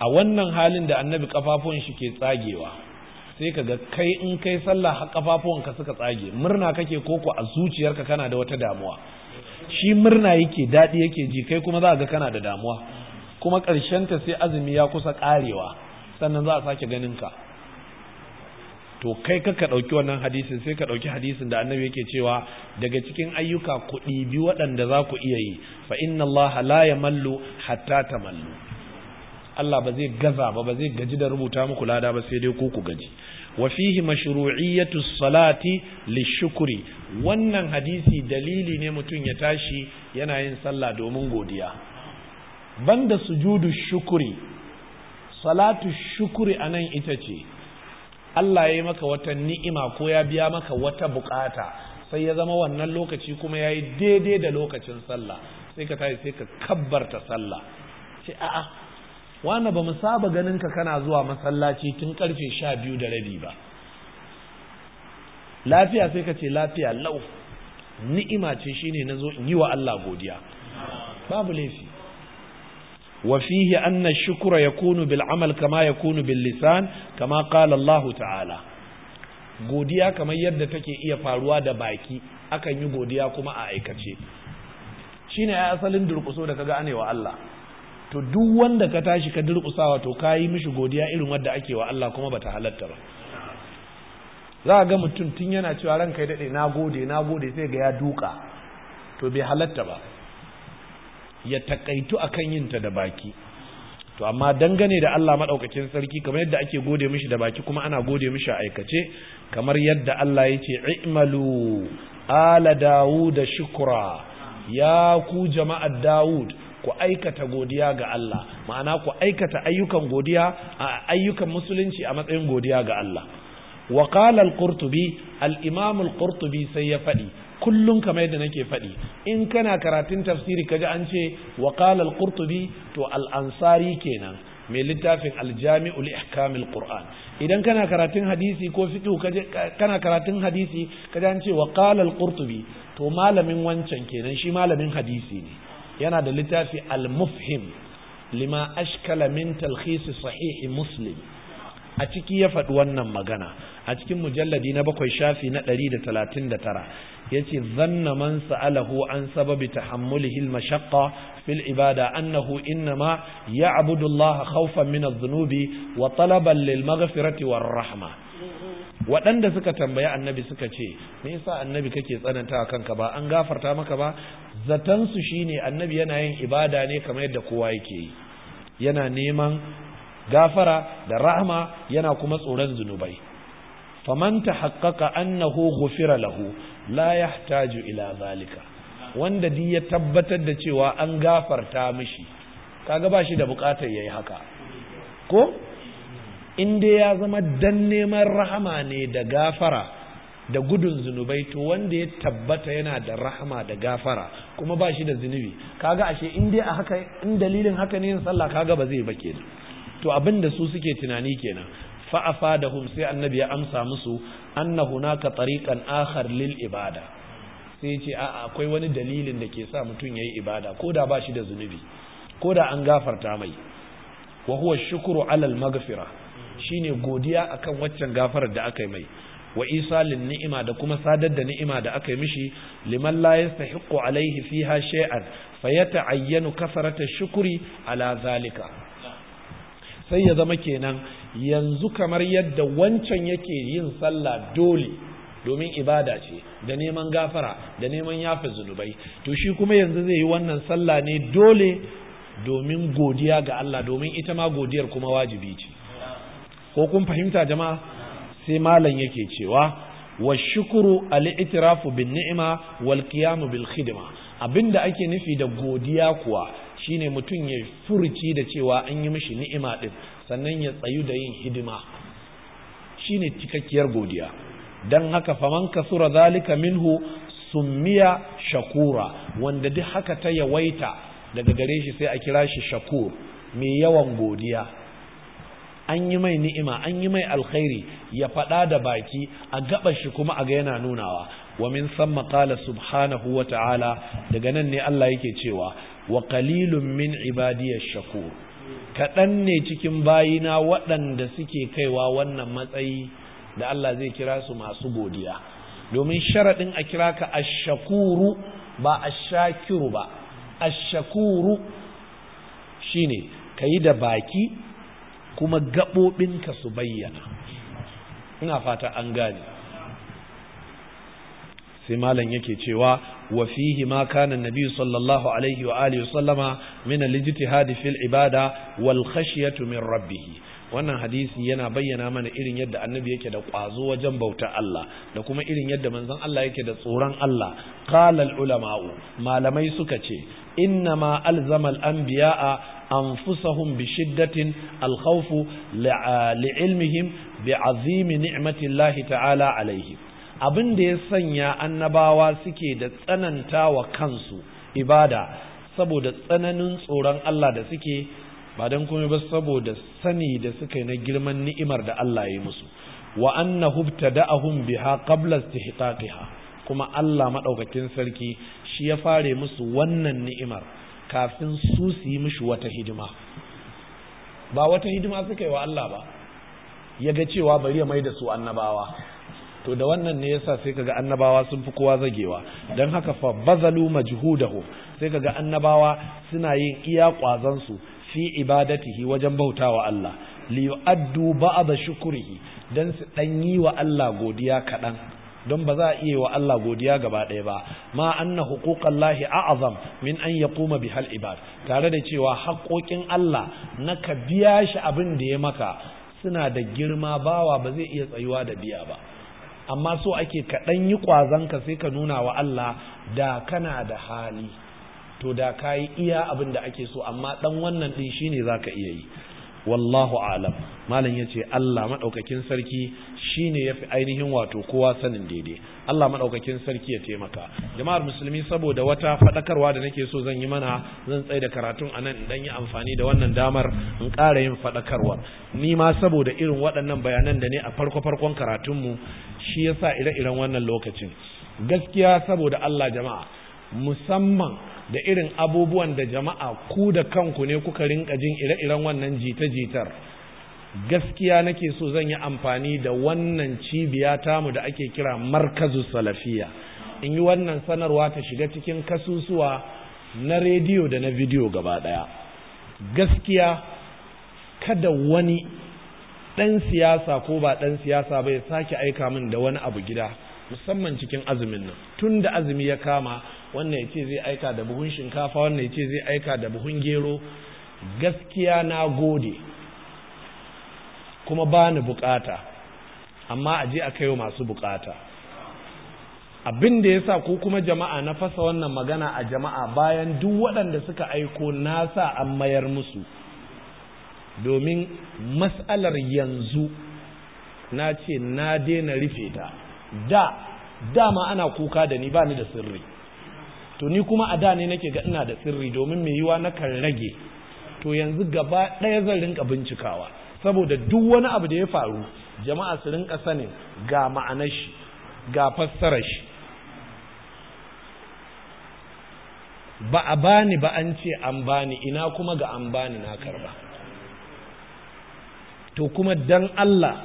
a wannan halin da annabi ƙafafuwan shi ke tsagewa sai ka ga kai in kai sallah ka suka tsage murna kake koko a zuciyarka kana da wata damuwa shi murna yake daɗi yake ji kai kuma za ga kana da damuwa kuma ƙarshenta sai azumi ya kusa ƙarewa sannan za a sake ganin ka to kai ka ka ɗauki wannan hadisin sai ka ɗauki hadisin da annabi yake cewa daga cikin ayyuka ku ɗibi waɗanda za ku iya yi fa inna Allah la yamallu hatta tamallu Allah ba zai gaza ba ba zai gaji da rubuta muku lada ba sai dai ku ku gaji wa fihi salati salati lishukri wannan hadisi dalili ne mutum ya tashi yana yin sallah domin godiya banda sujudu shukuri salatu shukuri anan ita ce Allah ya yi maka wata ni'ima ko ya biya maka wata bukata sai ya zama wannan lokaci kuma ya yi daidai da lokacin sallah sai ka tashi sai ka kabbarta sallah ce a'a wani ba mu saba ganin ka kana zuwa masallaci tun karfe sha biyu da rabi ba lafiya sai ka ce lafiya lau ni'ima ce shine na zo in yi wa Allah godiya babu laifi وفيه أن الشكر يكون بالعمل كما يكون باللسان كما قال الله تعالى godiya kamar yadda take iya faruwa da baki akan yi godiya kuma a aikace shine ya asalin durƙuso da kaga anewa Allah to duk wanda ka tashi ka durƙusawa to kayi mishi godiya irin wadda ake wa Allah kuma bata halatta ba za ga mutum tun yana cewa ranka ya dade na gode na gode sai ga ya duka to bai halatta ba ya takaitu akan yin ta da baki to amma dangane da Allah maɗaukacin sarki kamar yadda ake gode mishi da baki kuma ana gode mishi a aikace kamar yadda Allah ya ce i'malu ala Dawud shukra ya ku jama'ar Dawud ku aikata godiya ga Allah ma'ana ku aikata ayyukan godiya a ayyukan musulunci a matsayin godiya ga Allah wa qala al-qurtubi al-imam al-qurtubi sai ya faɗi kullum kamar yadda nake faɗi in kana karatun tafsiri kaji an ce wa qala qurtubi to al-ansari kenan mai littafin aljami'ul jamiul ihkamil qur'an idan kana karatun hadisi ko fiqh kaji kana karatun hadisi kaji an ce wa qala qurtubi to malamin wancan kenan shi malamin hadisi ne yana da littafi al-mufhim lima ashkala min talkhis sahih muslim a ciki ya faɗi wannan magana a cikin mujalladi na bakwai shafi na ɗari da talatin da tara ya ce zanna man sa'alahu an sababi tahammulihi mashaqqa fil ibada annahu innama ya'budu Allah khawfan min adh-dhunubi wa talaban lil maghfirati war rahma waɗanda suka tambayi annabi suka ce me yasa annabi kake tsananta kanka ba an gafarta maka ba zatansu shine annabi yana yin ibada ne kamar yadda kowa yake yi yana neman gafara da rahma yana kuma tsoron zunubai faman tahaqqaqa annahu gufira lahu la taju ila zalika wanda di ya tabbatar da cewa an gafarta mishi kaga ba shi da ya yi haka ko inda ya zama dan neman rahama ne da gafara da gudun zunubai to wanda ya tabbata yana da rahama da gafara kuma ba shi da zunubi kaga ashe in dai a haka in dalilin haka ne yin sallah kaga ba zai ba kenan to abin da su suke tunani kenan fa'afa da hum sai annabi ya amsa musu anna hunaka tariqan akhar lil ibada sai ce a akwai wani dalilin da ke sa mutum yayi ibada ko da ba shi da zunubi ko da an gafarta mai wa huwa shukru ala al maghfira shine godiya akan waccan gafarar da aka yi mai wa isalin ni'ima da kuma sadar da ni'ima da aka yi mishi liman la yastahiqu alaihi fiha shay'an fayata'ayyanu kasarata shukri ala zalika sai ya zama kenan yanzu kamar yadda wancan yake yin sallah dole domin ibada ce da neman gafara da neman yafe zunubai to shi kuma yanzu zai yi wannan sallah ne dole domin godiya ga Allah domin ita ma godiyar kuma wajibi ce ko kun fahimta jama'a sai malam yake cewa wa shukuru al-i'tirafu bin ni'ima wal qiyamu bil khidma abinda ake nufi da godiya kuwa shine mutum ya furci da cewa an yi mishi ni'ima din sannan ya tsayu da yin hidima shine cikakkiyar godiya dan haka faman kasura zalika minhu summiya shakura wanda duk haka ta yawaita daga gare shi sai a kira shi shakur mai yawan godiya an yi mai ni'ima an yi mai alkhairi ya faɗa da baki a gaɓar shi kuma a ga yana nunawa wa min samma qala subhanahu wa ta'ala daga nan ne Allah yake cewa wa qalilun min ibadiyash shakur kaɗan ne cikin bayina waɗanda suke kaiwa wannan matsayi da Allah zai kira su masu godiya domin sharaɗin a kira ka ashakuru ba Shakiru ba ashakuru shine ka yi da baki kuma gaɓoɓinka su bayyana ina fata an gane sai malam yake cewa wa fihi ma kana nabi sallallahu alaihi wa alihi sallama min al-ijtihad fil ibada wal khashyatu min rabbih wannan hadisi yana bayyana mana irin yadda annabi yake da kwazo wajen bauta Allah da kuma irin yadda manzon Allah yake da tsoron Allah qala al ulama'u malamai suka ce inna ma alzama al anbiya'a anfusahum bi shiddatin al khawf li ilmihim bi azimi ni'mati Allah ta'ala alaihim abin da ya sanya annabawa suke da tsananta wa kansu ibada saboda tsananin tsoron Allah da suke ba don kuma ba saboda sani da suka yi na girman ni'imar da Allah ya yi musu wa annahu tada'ahum biha qabla istihqaqiha kuma Allah madaukakin sarki shi ya fare musu wannan ni'imar kafin su su yi mishi wata hidima ba wata hidima suka yi wa Allah ba ya ga cewa bari ya mai da su annabawa to da wannan ne yasa sai kaga annabawa sun fi kowa zagewa don haka fa bazalu majhudahu sai kaga annabawa suna yin iya kwazan su fi ibadatihi wajen bautawa Allah li yu'addu ba'd shukrihi dan su dan yi wa Allah godiya kadan don ba za a iya wa Allah godiya gaba ɗaya ba ma anna huquqan lahi a'zam min an yaquma bihal ibad tare da cewa haƙoƙin Allah na ka biya shi abin da ya maka suna da girma bawa ba zai iya tsayuwa da biya ba amma so ake kaɗan yi ƙwazonka sai ka nuna wa Allah da kana da hali to da ka yi iya abin da ake so amma ɗan wannan ɗin shi ne za ka iya yi wallahu alam malam yace Allah madaukakin sarki shine yafi ainihin wato kowa sanin daidai Allah madaukakin sarki ya taimaka jama'ar musulmi saboda wata fadakarwa da nake so zan yi mana zan tsaya da karatun anan in dan yi amfani da wannan damar in ƙara yin fadakarwa ni ma saboda irin waɗannan bayanan da ne a farko farkon karatun mu shi yasa ire-iren wannan lokacin gaskiya saboda Allah jama'a musamman da irin abubuwan da jama'a ku da kanku ne kuka rinka jin ire-iren wannan jita-jitar gaskiya nake so zan yi amfani da wannan cibiya mu da ake kira markazu salafiya in yi wannan sanarwa ta shiga cikin kasusuwa na rediyo da na bidiyo gaba ɗaya gaskiya kada wani ɗan siyasa ko ba ɗan siyasa bai sake aika min da wani abu gida musamman cikin azumin nan tun da azumi ya kama wannan ya ce zai aika da buhun shinkafa wannan ya ce zai aika da buhun gero gaskiya na gode kuma ba ni bukata amma a je a kaiwa masu bukata abin da ya sa ko kuma jama'a na fasa wannan magana a jama'a bayan duk waɗanda suka aiko na sa an mayar musu domin matsalar yanzu na ce na daina rufe ta da dama ana kuka da ni ba ni da sirri to ni kuma a da ne nake ga ina da sirri domin mai yiwa na kan rage to yanzu gaba ɗaya zan rinka bincikawa saboda duk wani abu da ya faru jama'a su rinka sanin ga ma'anar shi ga fassara shi ba a bani ba an ce an bani ina kuma ga an bani na karba to kuma dan Allah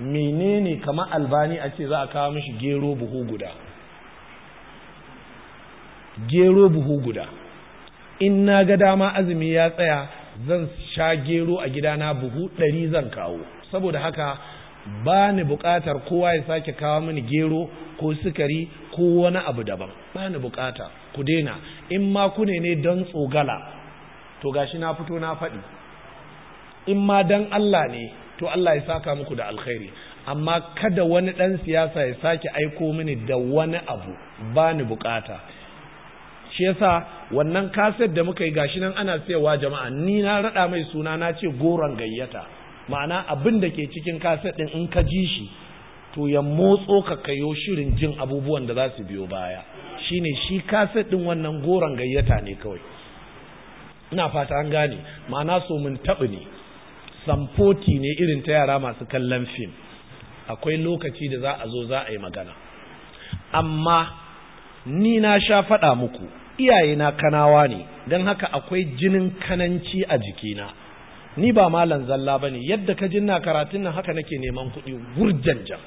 menene kamar albani a ce za a kawo mishi gero buhu guda gero buhu guda in na ga dama azumi ya tsaya zan sha gero a gidana buhu ɗari zan kawo saboda haka ba ni buƙatar kowa ya sake kawo mini gero ko sukari ko wani abu daban ba ni buƙata ku daina in ma ku ne don tsogala to gashi na fito na faɗi in ma don Allah ne to Allah ya saka muku da alkhairi amma kada wani ɗan siyasa ya sake aiko mini da wani abu ba ni buƙata shi yasa wannan kaset da muka yi gashi nan ana sayarwa jama'a ni na rada mai suna na ce goron gayyata ma'ana abin da ke cikin kaset din in ka ji shi to ya motso ka kayo shirin jin abubuwan da za su biyo baya shine shi kaset din wannan goron gayyata ne kawai ina fata an gane ma'ana so mun taɓi ne Sampoti ne irin ta yara masu kallon fim akwai lokaci da za a zo za a yi magana amma ni na sha faɗa muku Iyaye na kanawa ne don haka akwai jinin kananci a jikina ni ba malan zalla ba ne yadda ka jinna karatun nan haka nake neman kuɗi gurjanjan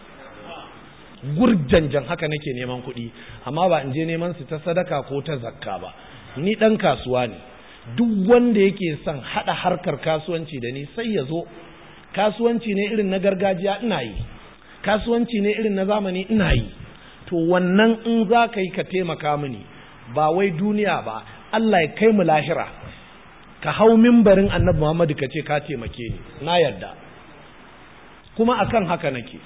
gurjanjan haka nake neman kuɗi amma ba in je neman su ta sadaka ko ta zakka ba ni ɗan kasuwa ne duk wanda yake son haɗa harkar kasuwanci da ni sai ya zo kasuwanci ne irin na gargajiya ina yi kasuwanci ne irin na zamani ina yi to wannan in za ka yi ka taimaka mini ba wai duniya ba Allah ya kai mu lahira ka hau mimbarin annabi Muhammadu ka ce ka taimake ni na yarda kuma akan haka nake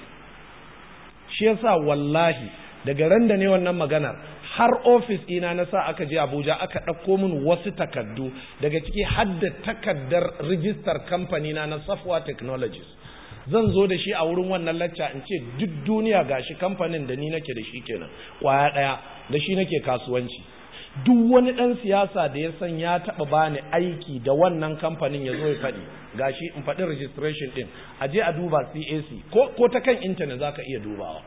shi yasa wallahi daga ran da ne wannan maganar har ofis ina na sa aka je Abuja aka ɗauko min wasu takaddu daga ciki hadda takaddar rijistar kamfani na na Safwa Technologies zan zo da shi a wurin wannan lacca in ce duk duniya gashi kamfanin da ni nake da shi kenan kwaya daya da shi nake kasuwanci duk wani dan siyasa da ya san ya taba bani aiki da wannan kamfanin ya zo ya faɗi shi in faɗi registration din a je a duba CAC ko ko ta kan internet zaka iya dubawa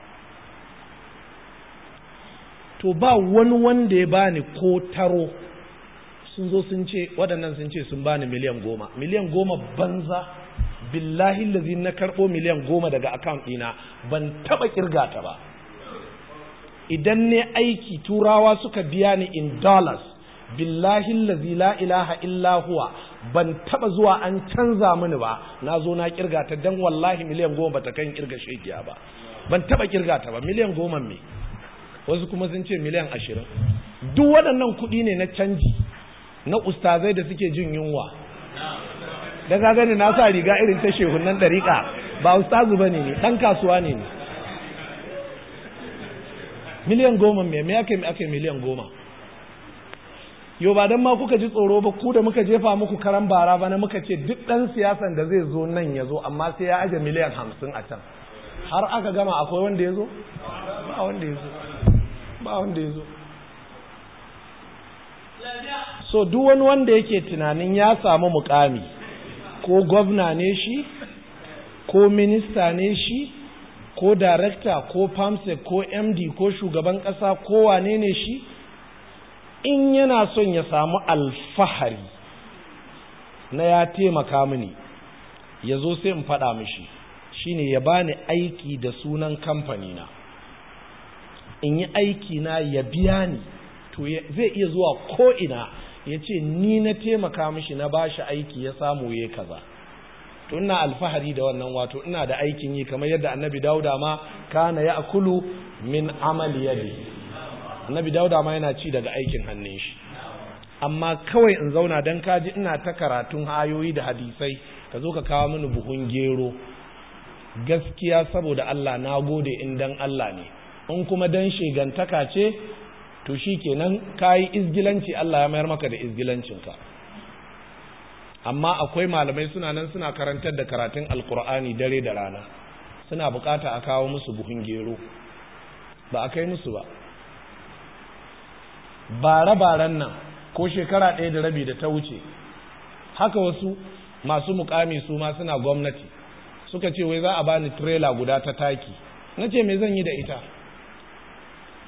to ba wani wanda ya bani ko taro sun zo sun ce waɗannan sun ce sun bani miliyan goma miliyan goma banza billahi lazi na karɓo miliyan goma daga account ɗina ban taɓa kirga ta ba idan ne aiki turawa suka biya ni in dollars billahi lazi la ilaha illa huwa ban taɓa zuwa an canza mini ba na zo na kirga ta dan wallahi miliyan goma bata kan kirga shekiya ba ban taɓa kirga ta ba miliyan goma me wasu kuma sun ce miliyan ashirin duk waɗannan kuɗi ne na canji na ustazai da suke jin yunwa da ka gani na sa riga irin ta shehunan dariƙa ba ustazu bane ne dan kasuwa ne ne miliyan goma me me ake ake miliyan goma yo ba dan ma kuka ji tsoro ba ku da muka jefa muku karan bara bana muka ce duk dan siyasan da zai zo nan ya zo amma sai ya aje miliyan hamsin a can har aka gama akwai wanda ya zo ba wanda ya zo ba wanda ya zo so duk wani wanda yake tunanin ya samu mukami ko gwamna ne shi ko minista ne shi ko darakta ko famsec ko md ko shugaban ƙasa ko wane ne shi in yana son ya samu alfahari na ya taimaka mini ya zo sai in faɗa mishi shine ya bani aiki da sunan kamfani na in yi aiki na ya biya ni to zai iya zuwa ko ina ya ce ni na taimaka mishi na bashi aiki ya samu ya kaza to ina alfahari da wannan wato ina da aikin yi kamar yadda annabi dauda ma kana ya akulu min amali yadi annabi dauda ma yana ci daga aikin hannun shi amma kawai in zauna don kaji ina ta karatun hayoyi da hadisai ka zo ka kawo mini buhun gero gaskiya saboda Allah na gode in dan Allah ne in kuma dan shegantaka ce to shi kenan ka yi izgilanci Allah ya mayar maka da izgilancinka amma akwai malamai suna nan suna karantar da karatun alkur'ani dare da rana suna bukata a kawo musu buhun gero ba a kai musu ba bare-baren nan ko shekara ɗaya da rabi da ta wuce haka wasu masu mukami su ma suna gwamnati suka ce wai za a bani trailer guda ta taki na ce me zan yi da ita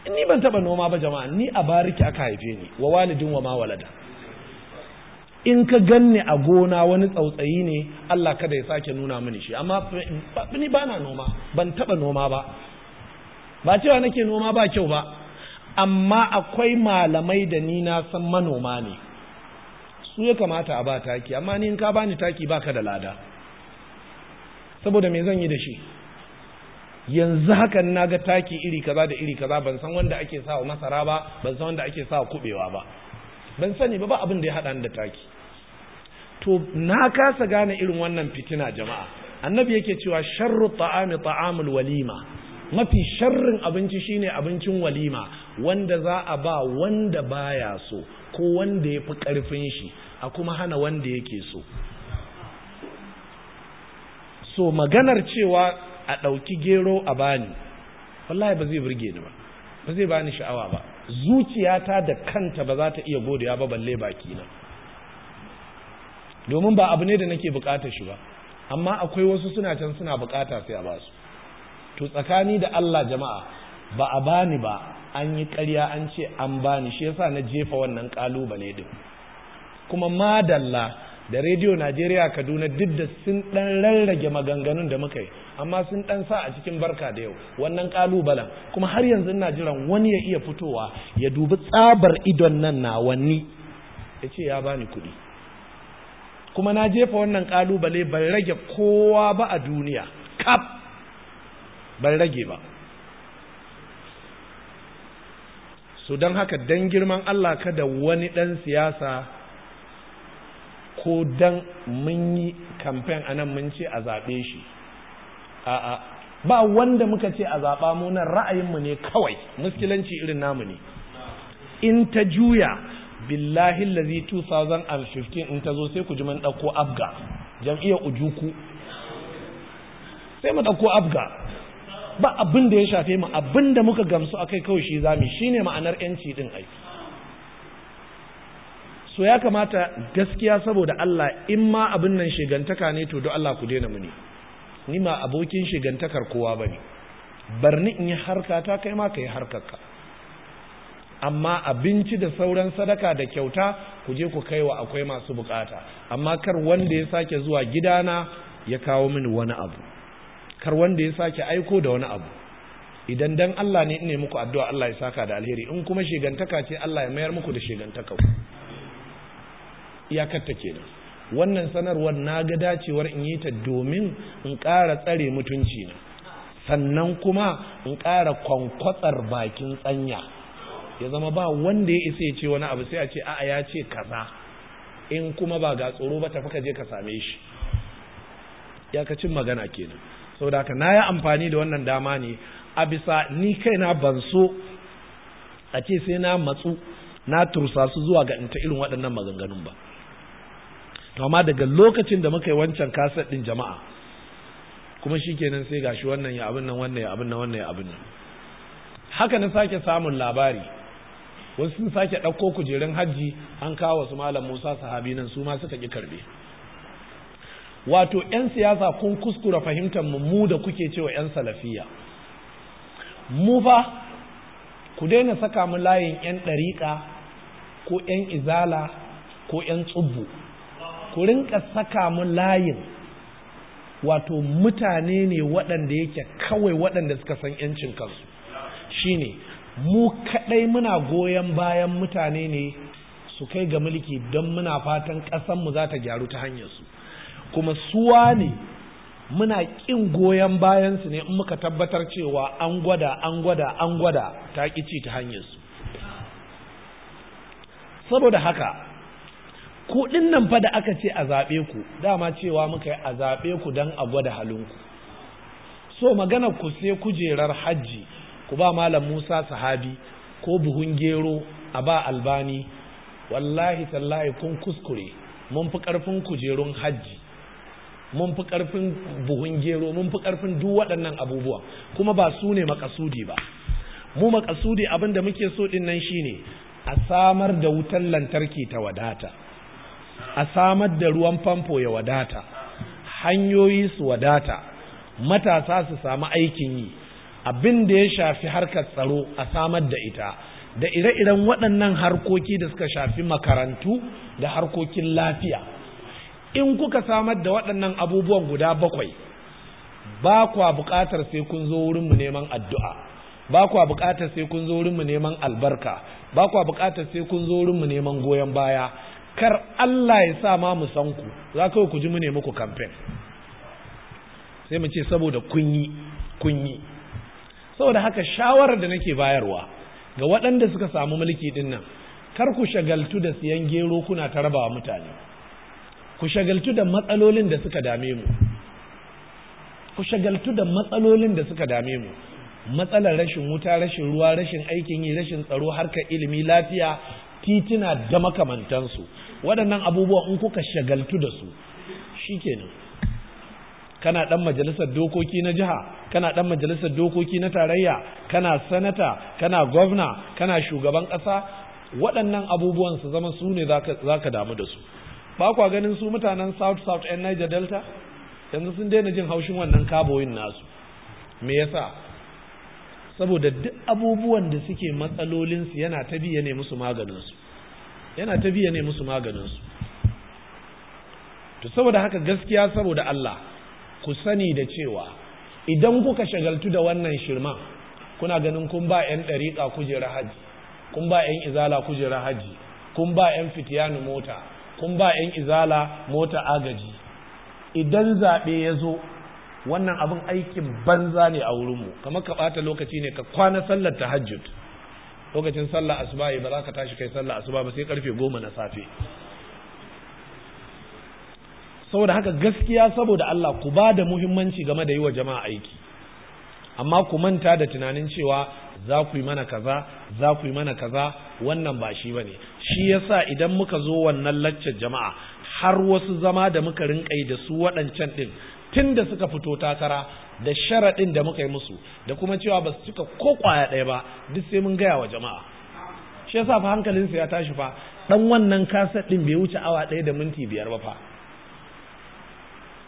ni ban taba noma ba jama'a ni a bariki aka haife ni wa walidin wa ma walada in ka ganni a gona wani tsautsayi ne Allah kada ya sake nuna mini shi amma ni ba na noma ban taba noma ba ba cewa nake noma ba kyau ba amma akwai malamai da ni na san manoma ne su ya kamata a ba taki amma ni in ka bani taki baka da lada saboda me zan yi da shi yanzu hakan na ga taki iri kaza da iri kaza ban san wanda ake sa wa masara ba ban san wanda ake sa wa kubewa ba ban sani ba ba abin da ya haɗa da taki to na kasa gane irin wannan fitina jama'a annabi yake cewa sharru ta'ami ta'amul walima mafi sharrin abinci shine abincin walima wanda za a ba wanda baya so ko wanda ya fi ƙarfin shi a kuma hana wanda yake so so maganar cewa a ɗauki gero a bani wallahi ba zai burge ni ba ba zai bani sha'awa ba zuciyata da kanta ba za ta iya godiya ba balle baki na domin ba abu ne da nake bukata shi ba amma akwai wasu suna can suna bukata sai a basu to tsakani da Allah jama'a ba a bani ba an yi ƙarya an ce an bani shi yasa na jefa wannan kalubale din kuma madalla da rediyo Najeriya Kaduna duk da sun dan rarrage maganganun da muka yi amma sun dan sa a cikin barka da yau wannan kalubalen kuma har yanzu ina jiran wani ya iya fitowa ya dubi tsabar idon nan na wani ya ce ya bani kuɗi kuma na jefa wannan kalubale bai rage kowa ba a duniya kaf bai rage ba Su don haka don girman Allah kada wani ɗan siyasa ko don mun yi kamfen a nan mun ce a zaɓe shi a'a ba wanda muka ce a zaɓa mu nan ra'ayinmu ne kawai muskilanci irin namu ne in ta juya billahi lazi 2015 in ta zo sai ku ji man ɗauko abga jam'iyyar ujuku sai mu ɗauko abga ba abin da ya shafe mu abin da muka gamsu akai kawai shi zami shine ma'anar yanci din ai so ya kamata gaskiya saboda Allah in ma abin nan shigantaka ne to don Allah ku daina mu ne ni ma abokin shigantakar kowa ba ne. Bar ni in yi harka ta kai ma ka yi harkarka amma abinci da sauran sadaka da kyauta ku je ku kaiwa akwai masu bukata amma kar wanda ya sake zuwa gidana ya kawo mini wani abu kar wanda ya sake aiko da wani abu idan dan Allah ne ne muku addu'a Allah ya saka da alheri in kuma shigantaka ce Allah ya mayar muku da shigantakau iyakar ta kenan wannan sanarwar na ga dacewar in yi ta domin in ƙara tsare mutunci na sannan kuma in ƙara kwankwatsar bakin tsanya ya zama ba wanda ya isa ya ce wani abu sai a ce a'a ya ce kaza in kuma ba ga tsoro ba tafi ka je ka same shi Ya ka cin magana kenan saboda haka na yi amfani da wannan dama ne a bisa ni kaina ban so a ce sai na matsu na tursasu zuwa ga inta irin waɗannan maganganun ba to amma daga lokacin da muka yi wancan kasar din jama'a kuma shi shikenan sai gashi wannan ya abin nan wannan ya abin nan wannan ya abin nan haka na sake samun labari wasu sun sake ɗauko kujerun hajji an kawo su malam musa sahabi nan su ma suka ƙi karbe wato 'yan siyasa kun kuskura fahimtar mu da kuke cewa 'yan salafiya mu fa ku daina saka mu layin 'yan ɗariƙa ko 'yan izala ko 'yan tsubbu ku rinka saka mu layin wato mutane ne waɗanda yake kawai waɗanda suka san yancin kansu shine mu kaɗai muna goyon bayan mutane ne su kai ga mulki don muna fatan ƙasanmu za ta gyaru ta hanyarsu kuma suwa ne muna ƙin goyon bayansu ne in muka tabbatar cewa an gwada an gwada an gwada ta ƙici ta hanyarsu saboda haka Kuɗin nan fa da aka ce a zaɓe ku dama cewa muka yi a zaɓe ku don a gwada halinku so magana ku sai kujerar hajji ku ba malam musa sahabi ko buhun gero a ba albani wallahi tallahi kun kuskure mun fi ƙarfin kujerun hajji mun fi ƙarfin buhun gero mun fi ƙarfin duk waɗannan abubuwan, kuma ba su ne makasudi ba mu makasudi abin da muke so ɗin nan shine a samar da wutar lantarki ta wadata a samar da ruwan famfo ya wadata hanyoyi su wadata matasa su samu aikin yi abin da ya shafi harkar tsaro a samar da ita da ire-iren waɗannan harkoki da suka shafi makarantu da harkokin lafiya in kuka samar da waɗannan abubuwan guda bakwai ba kwa buƙatar sai kun zo wurinmu neman addu'a ba kwa buƙatar sai kun zo wurinmu neman albarka ba kwa buƙatar sai kun zo wurinmu neman goyon baya kar Allah ya sa ma mu san ku za kawai ku ji mu ne muku kamfen sai mu ce saboda kunyi kunyi saboda haka shawarar da nake bayarwa ga waɗanda suka samu mulki din nan kar ku shagaltu da siyan gero kuna ta rabawa mutane ku shagaltu da matsalolin da suka dame mu ku shagaltu da matsalolin da suka dame mu matsalar rashin wuta rashin ruwa rashin aikin yi rashin tsaro harkar ilimi lafiya tituna da makamantansu waɗannan abubuwa in kuka shagaltu da su shi shikenan kana ɗan majalisar dokoki na jiha kana ɗan majalisar dokoki na tarayya kana sanata kana gwamna kana shugaban ƙasa waɗannan abubuwan su zama su ne za ka damu da su ba kwa ganin su mutanen south south yan niger delta yanzu sun daina jin haushin wannan kaboyin nasu me yasa saboda duk abubuwan da suke matsalolinsu yana ta biya ne musu maganinsu yana ta biya ne musu maganinsu to saboda haka gaskiya saboda Allah ku sani da cewa idan kuka shagaltu da wannan shirman kuna ganin kun ba 'yan dariƙa kujerar haji kun ba 'yan izala kujerar haji kun ba 'yan fitiyanu mota kun ba 'yan izala mota agaji idan zaɓe ya zo wannan abin aikin banza ne a wurinmu kamar ka ɓata lokaci ne ka kwana sallar ta tahajjud lokacin sallar asuba ba za ka tashi kai sallar asuba ba sai karfe goma na safe saboda haka gaskiya saboda Allah ku ba da muhimmanci game da yi wa jama'a aiki amma ku manta da tunanin cewa za ku yi mana kaza za ku yi mana kaza wannan ba shi bane shi yasa idan muka zo wannan laccar jama'a har wasu zama da muka rinƙai da su waɗancan ɗin tun da suka fito takara da sharaɗin da muka yi musu da kuma cewa ba su cika ko kwaya ɗaya ba duk sai mun gaya wa jama'a shi yasa fa hankalin su ya tashi fa ɗan wannan kaset ɗin bai wuce awa ɗaya da minti biyar ba fa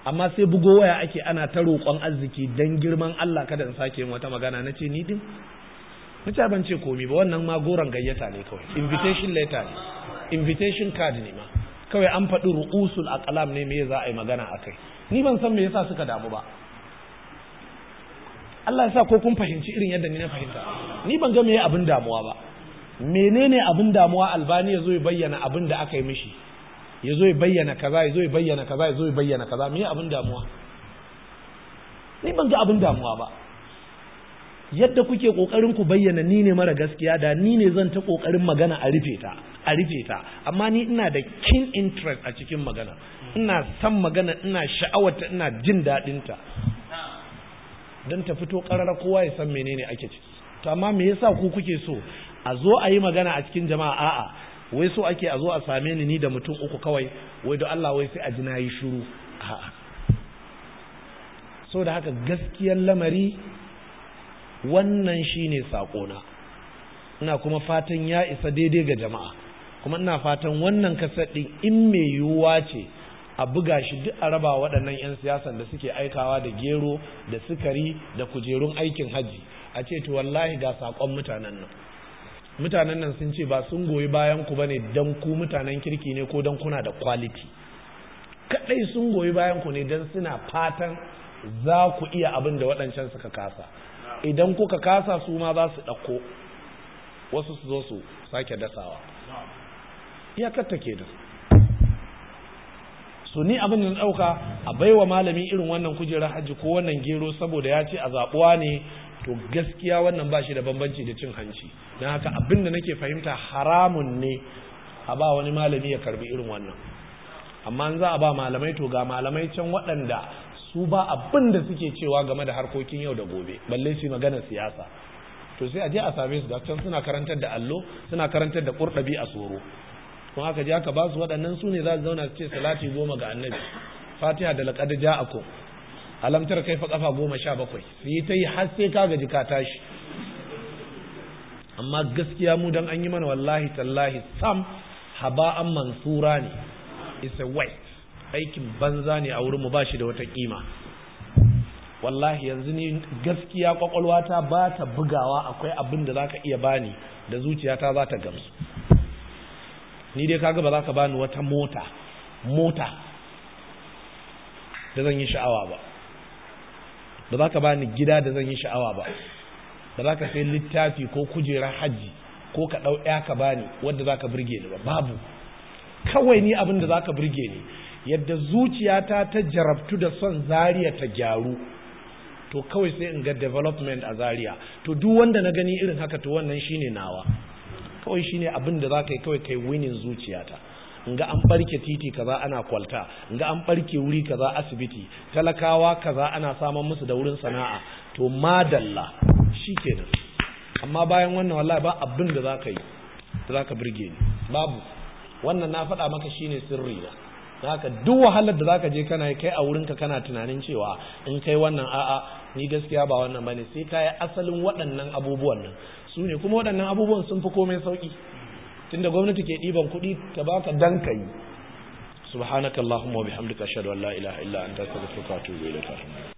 amma sai bugo waya ake ana ta roƙon arziki dan girman Allah kada in sake yin wata magana na ni din nace ban ce komi ba wannan ma goron gayyata ne kawai invitation letter ne invitation card ne ma kawai an faɗi ru'usul aqlam ne me za a yi magana akai ni ban san me yasa suka damu ba Allah ya sa ko kun fahimci irin yadda ni na fahimta ni ban ga meye abin damuwa ba menene abin damuwa albani ya zo ya bayyana abin da aka yi mishi ya zo ya bayyana kaza ya zo ya bayyana kaza ya zo ya bayyana kaza meye abin damuwa ni ban ga abin damuwa ba yadda kuke kokarin ku bayyana ni ne mara gaskiya da ni ne zan ta kokarin magana a rufe ta a rufe ta amma ni ina da keen interest a cikin magana ina san magana ina sha'awata ina jin daɗinta don ta fito ƙarar kowa ya san menene ake ciki to amma me yasa ku kuke so a zo a yi magana a cikin jama'a a'a wai so ake a zo a same ni ni da mutum uku kawai wai don Allah wai sai a ji na yi shiru a'a so da haka gaskiyar lamari wannan shine sakona ina kuma fatan ya isa daidai ga jama'a kuma ina fatan wannan kasar ɗin in mai yiwuwa ce a buga shi duk a raba waɗannan 'yan siyasan da suke aikawa da gero da sukari da kujerun aikin hajji a ce to wallahi ga saƙon mutanen nan mutanen nan sun ce ba sun goyi bayan ku bane don ku mutanen kirki ne ko don kuna da kwaliti Kaɗai sun goyi bayan ku ne don suna fatan za ku iya abin da waɗancan suka kasa idan kuka kasa su ma za su ɗauko wasu su zo su sake dasawa iyakar take da su so ni abin da na ɗauka a baiwa malami irin wannan kujerar hajji ko wannan gero saboda ya ce a zaɓuwa ne to gaskiya wannan ba shi da bambanci da cin hanci don haka abin da nake fahimta haramun ne a ba wani malami ya karbi irin wannan amma an za a ba malamai to ga malamai can waɗanda su ba abin da suke cewa game da harkokin yau da gobe balle su magana siyasa to sai a je a same su da can suna karantar da allo suna karantar da kurɗabi a tsoro kuma aka je aka ba su waɗannan su ne za su zauna ce salati goma ga annabi fatiha da a ko alamtar kai fa ƙafa goma sha bakwai su yi ta yi har sai ka gaji ka tashi amma gaskiya mu dan an yi mana wallahi tallahi sam an mansura ne is a waste aikin banza ne a wurin mu ba shi da wata kima wallahi yanzu ne gaskiya kwakwalwata ba ta bugawa akwai abin da zaka iya bani da zuciyata za ta gamsu ni dai kaga ba za ka bani wata mota mota da zan yi sha'awa ba ba za ka bani gida da zan yi sha'awa ba ba za ka sai littafi ko kujerar hajji ko ka ɗau ya ka bani wadda za ka birge ni ba babu kawai ni abin da za ka birge ni yadda zuciyata ta jarabtu da son zariya ta gyaru to kawai sai in ga development a zariya to duk wanda na gani irin haka to wannan shine nawa kawai shine abin da za ka yi kawai kai winin zuciyata ga an barke titi kaza ana kwalta ga an barke wuri kaza asibiti talakawa kaza ana saman musu da wurin sana'a to madalla shikenan amma bayan wannan wallahi ba abin da ka yi da ka burge ni babu wannan na faɗa maka shi ne sirri na haka duk wahalar da za ka je kana kai a wurinka kana tunanin cewa in kai wannan a'a ni gaskiya ba wannan ba ne, sai ka yi asalin waɗannan abubuwan nan su ne kuma waɗannan abubuwan sun fi komai sauƙi tunda gwamnati ke ɗiban kuɗi ta ka dan kai subhanakallahumma wa bihamdika ashhadu an la ilaha illa anta astaghfiruka wa atubu ilaik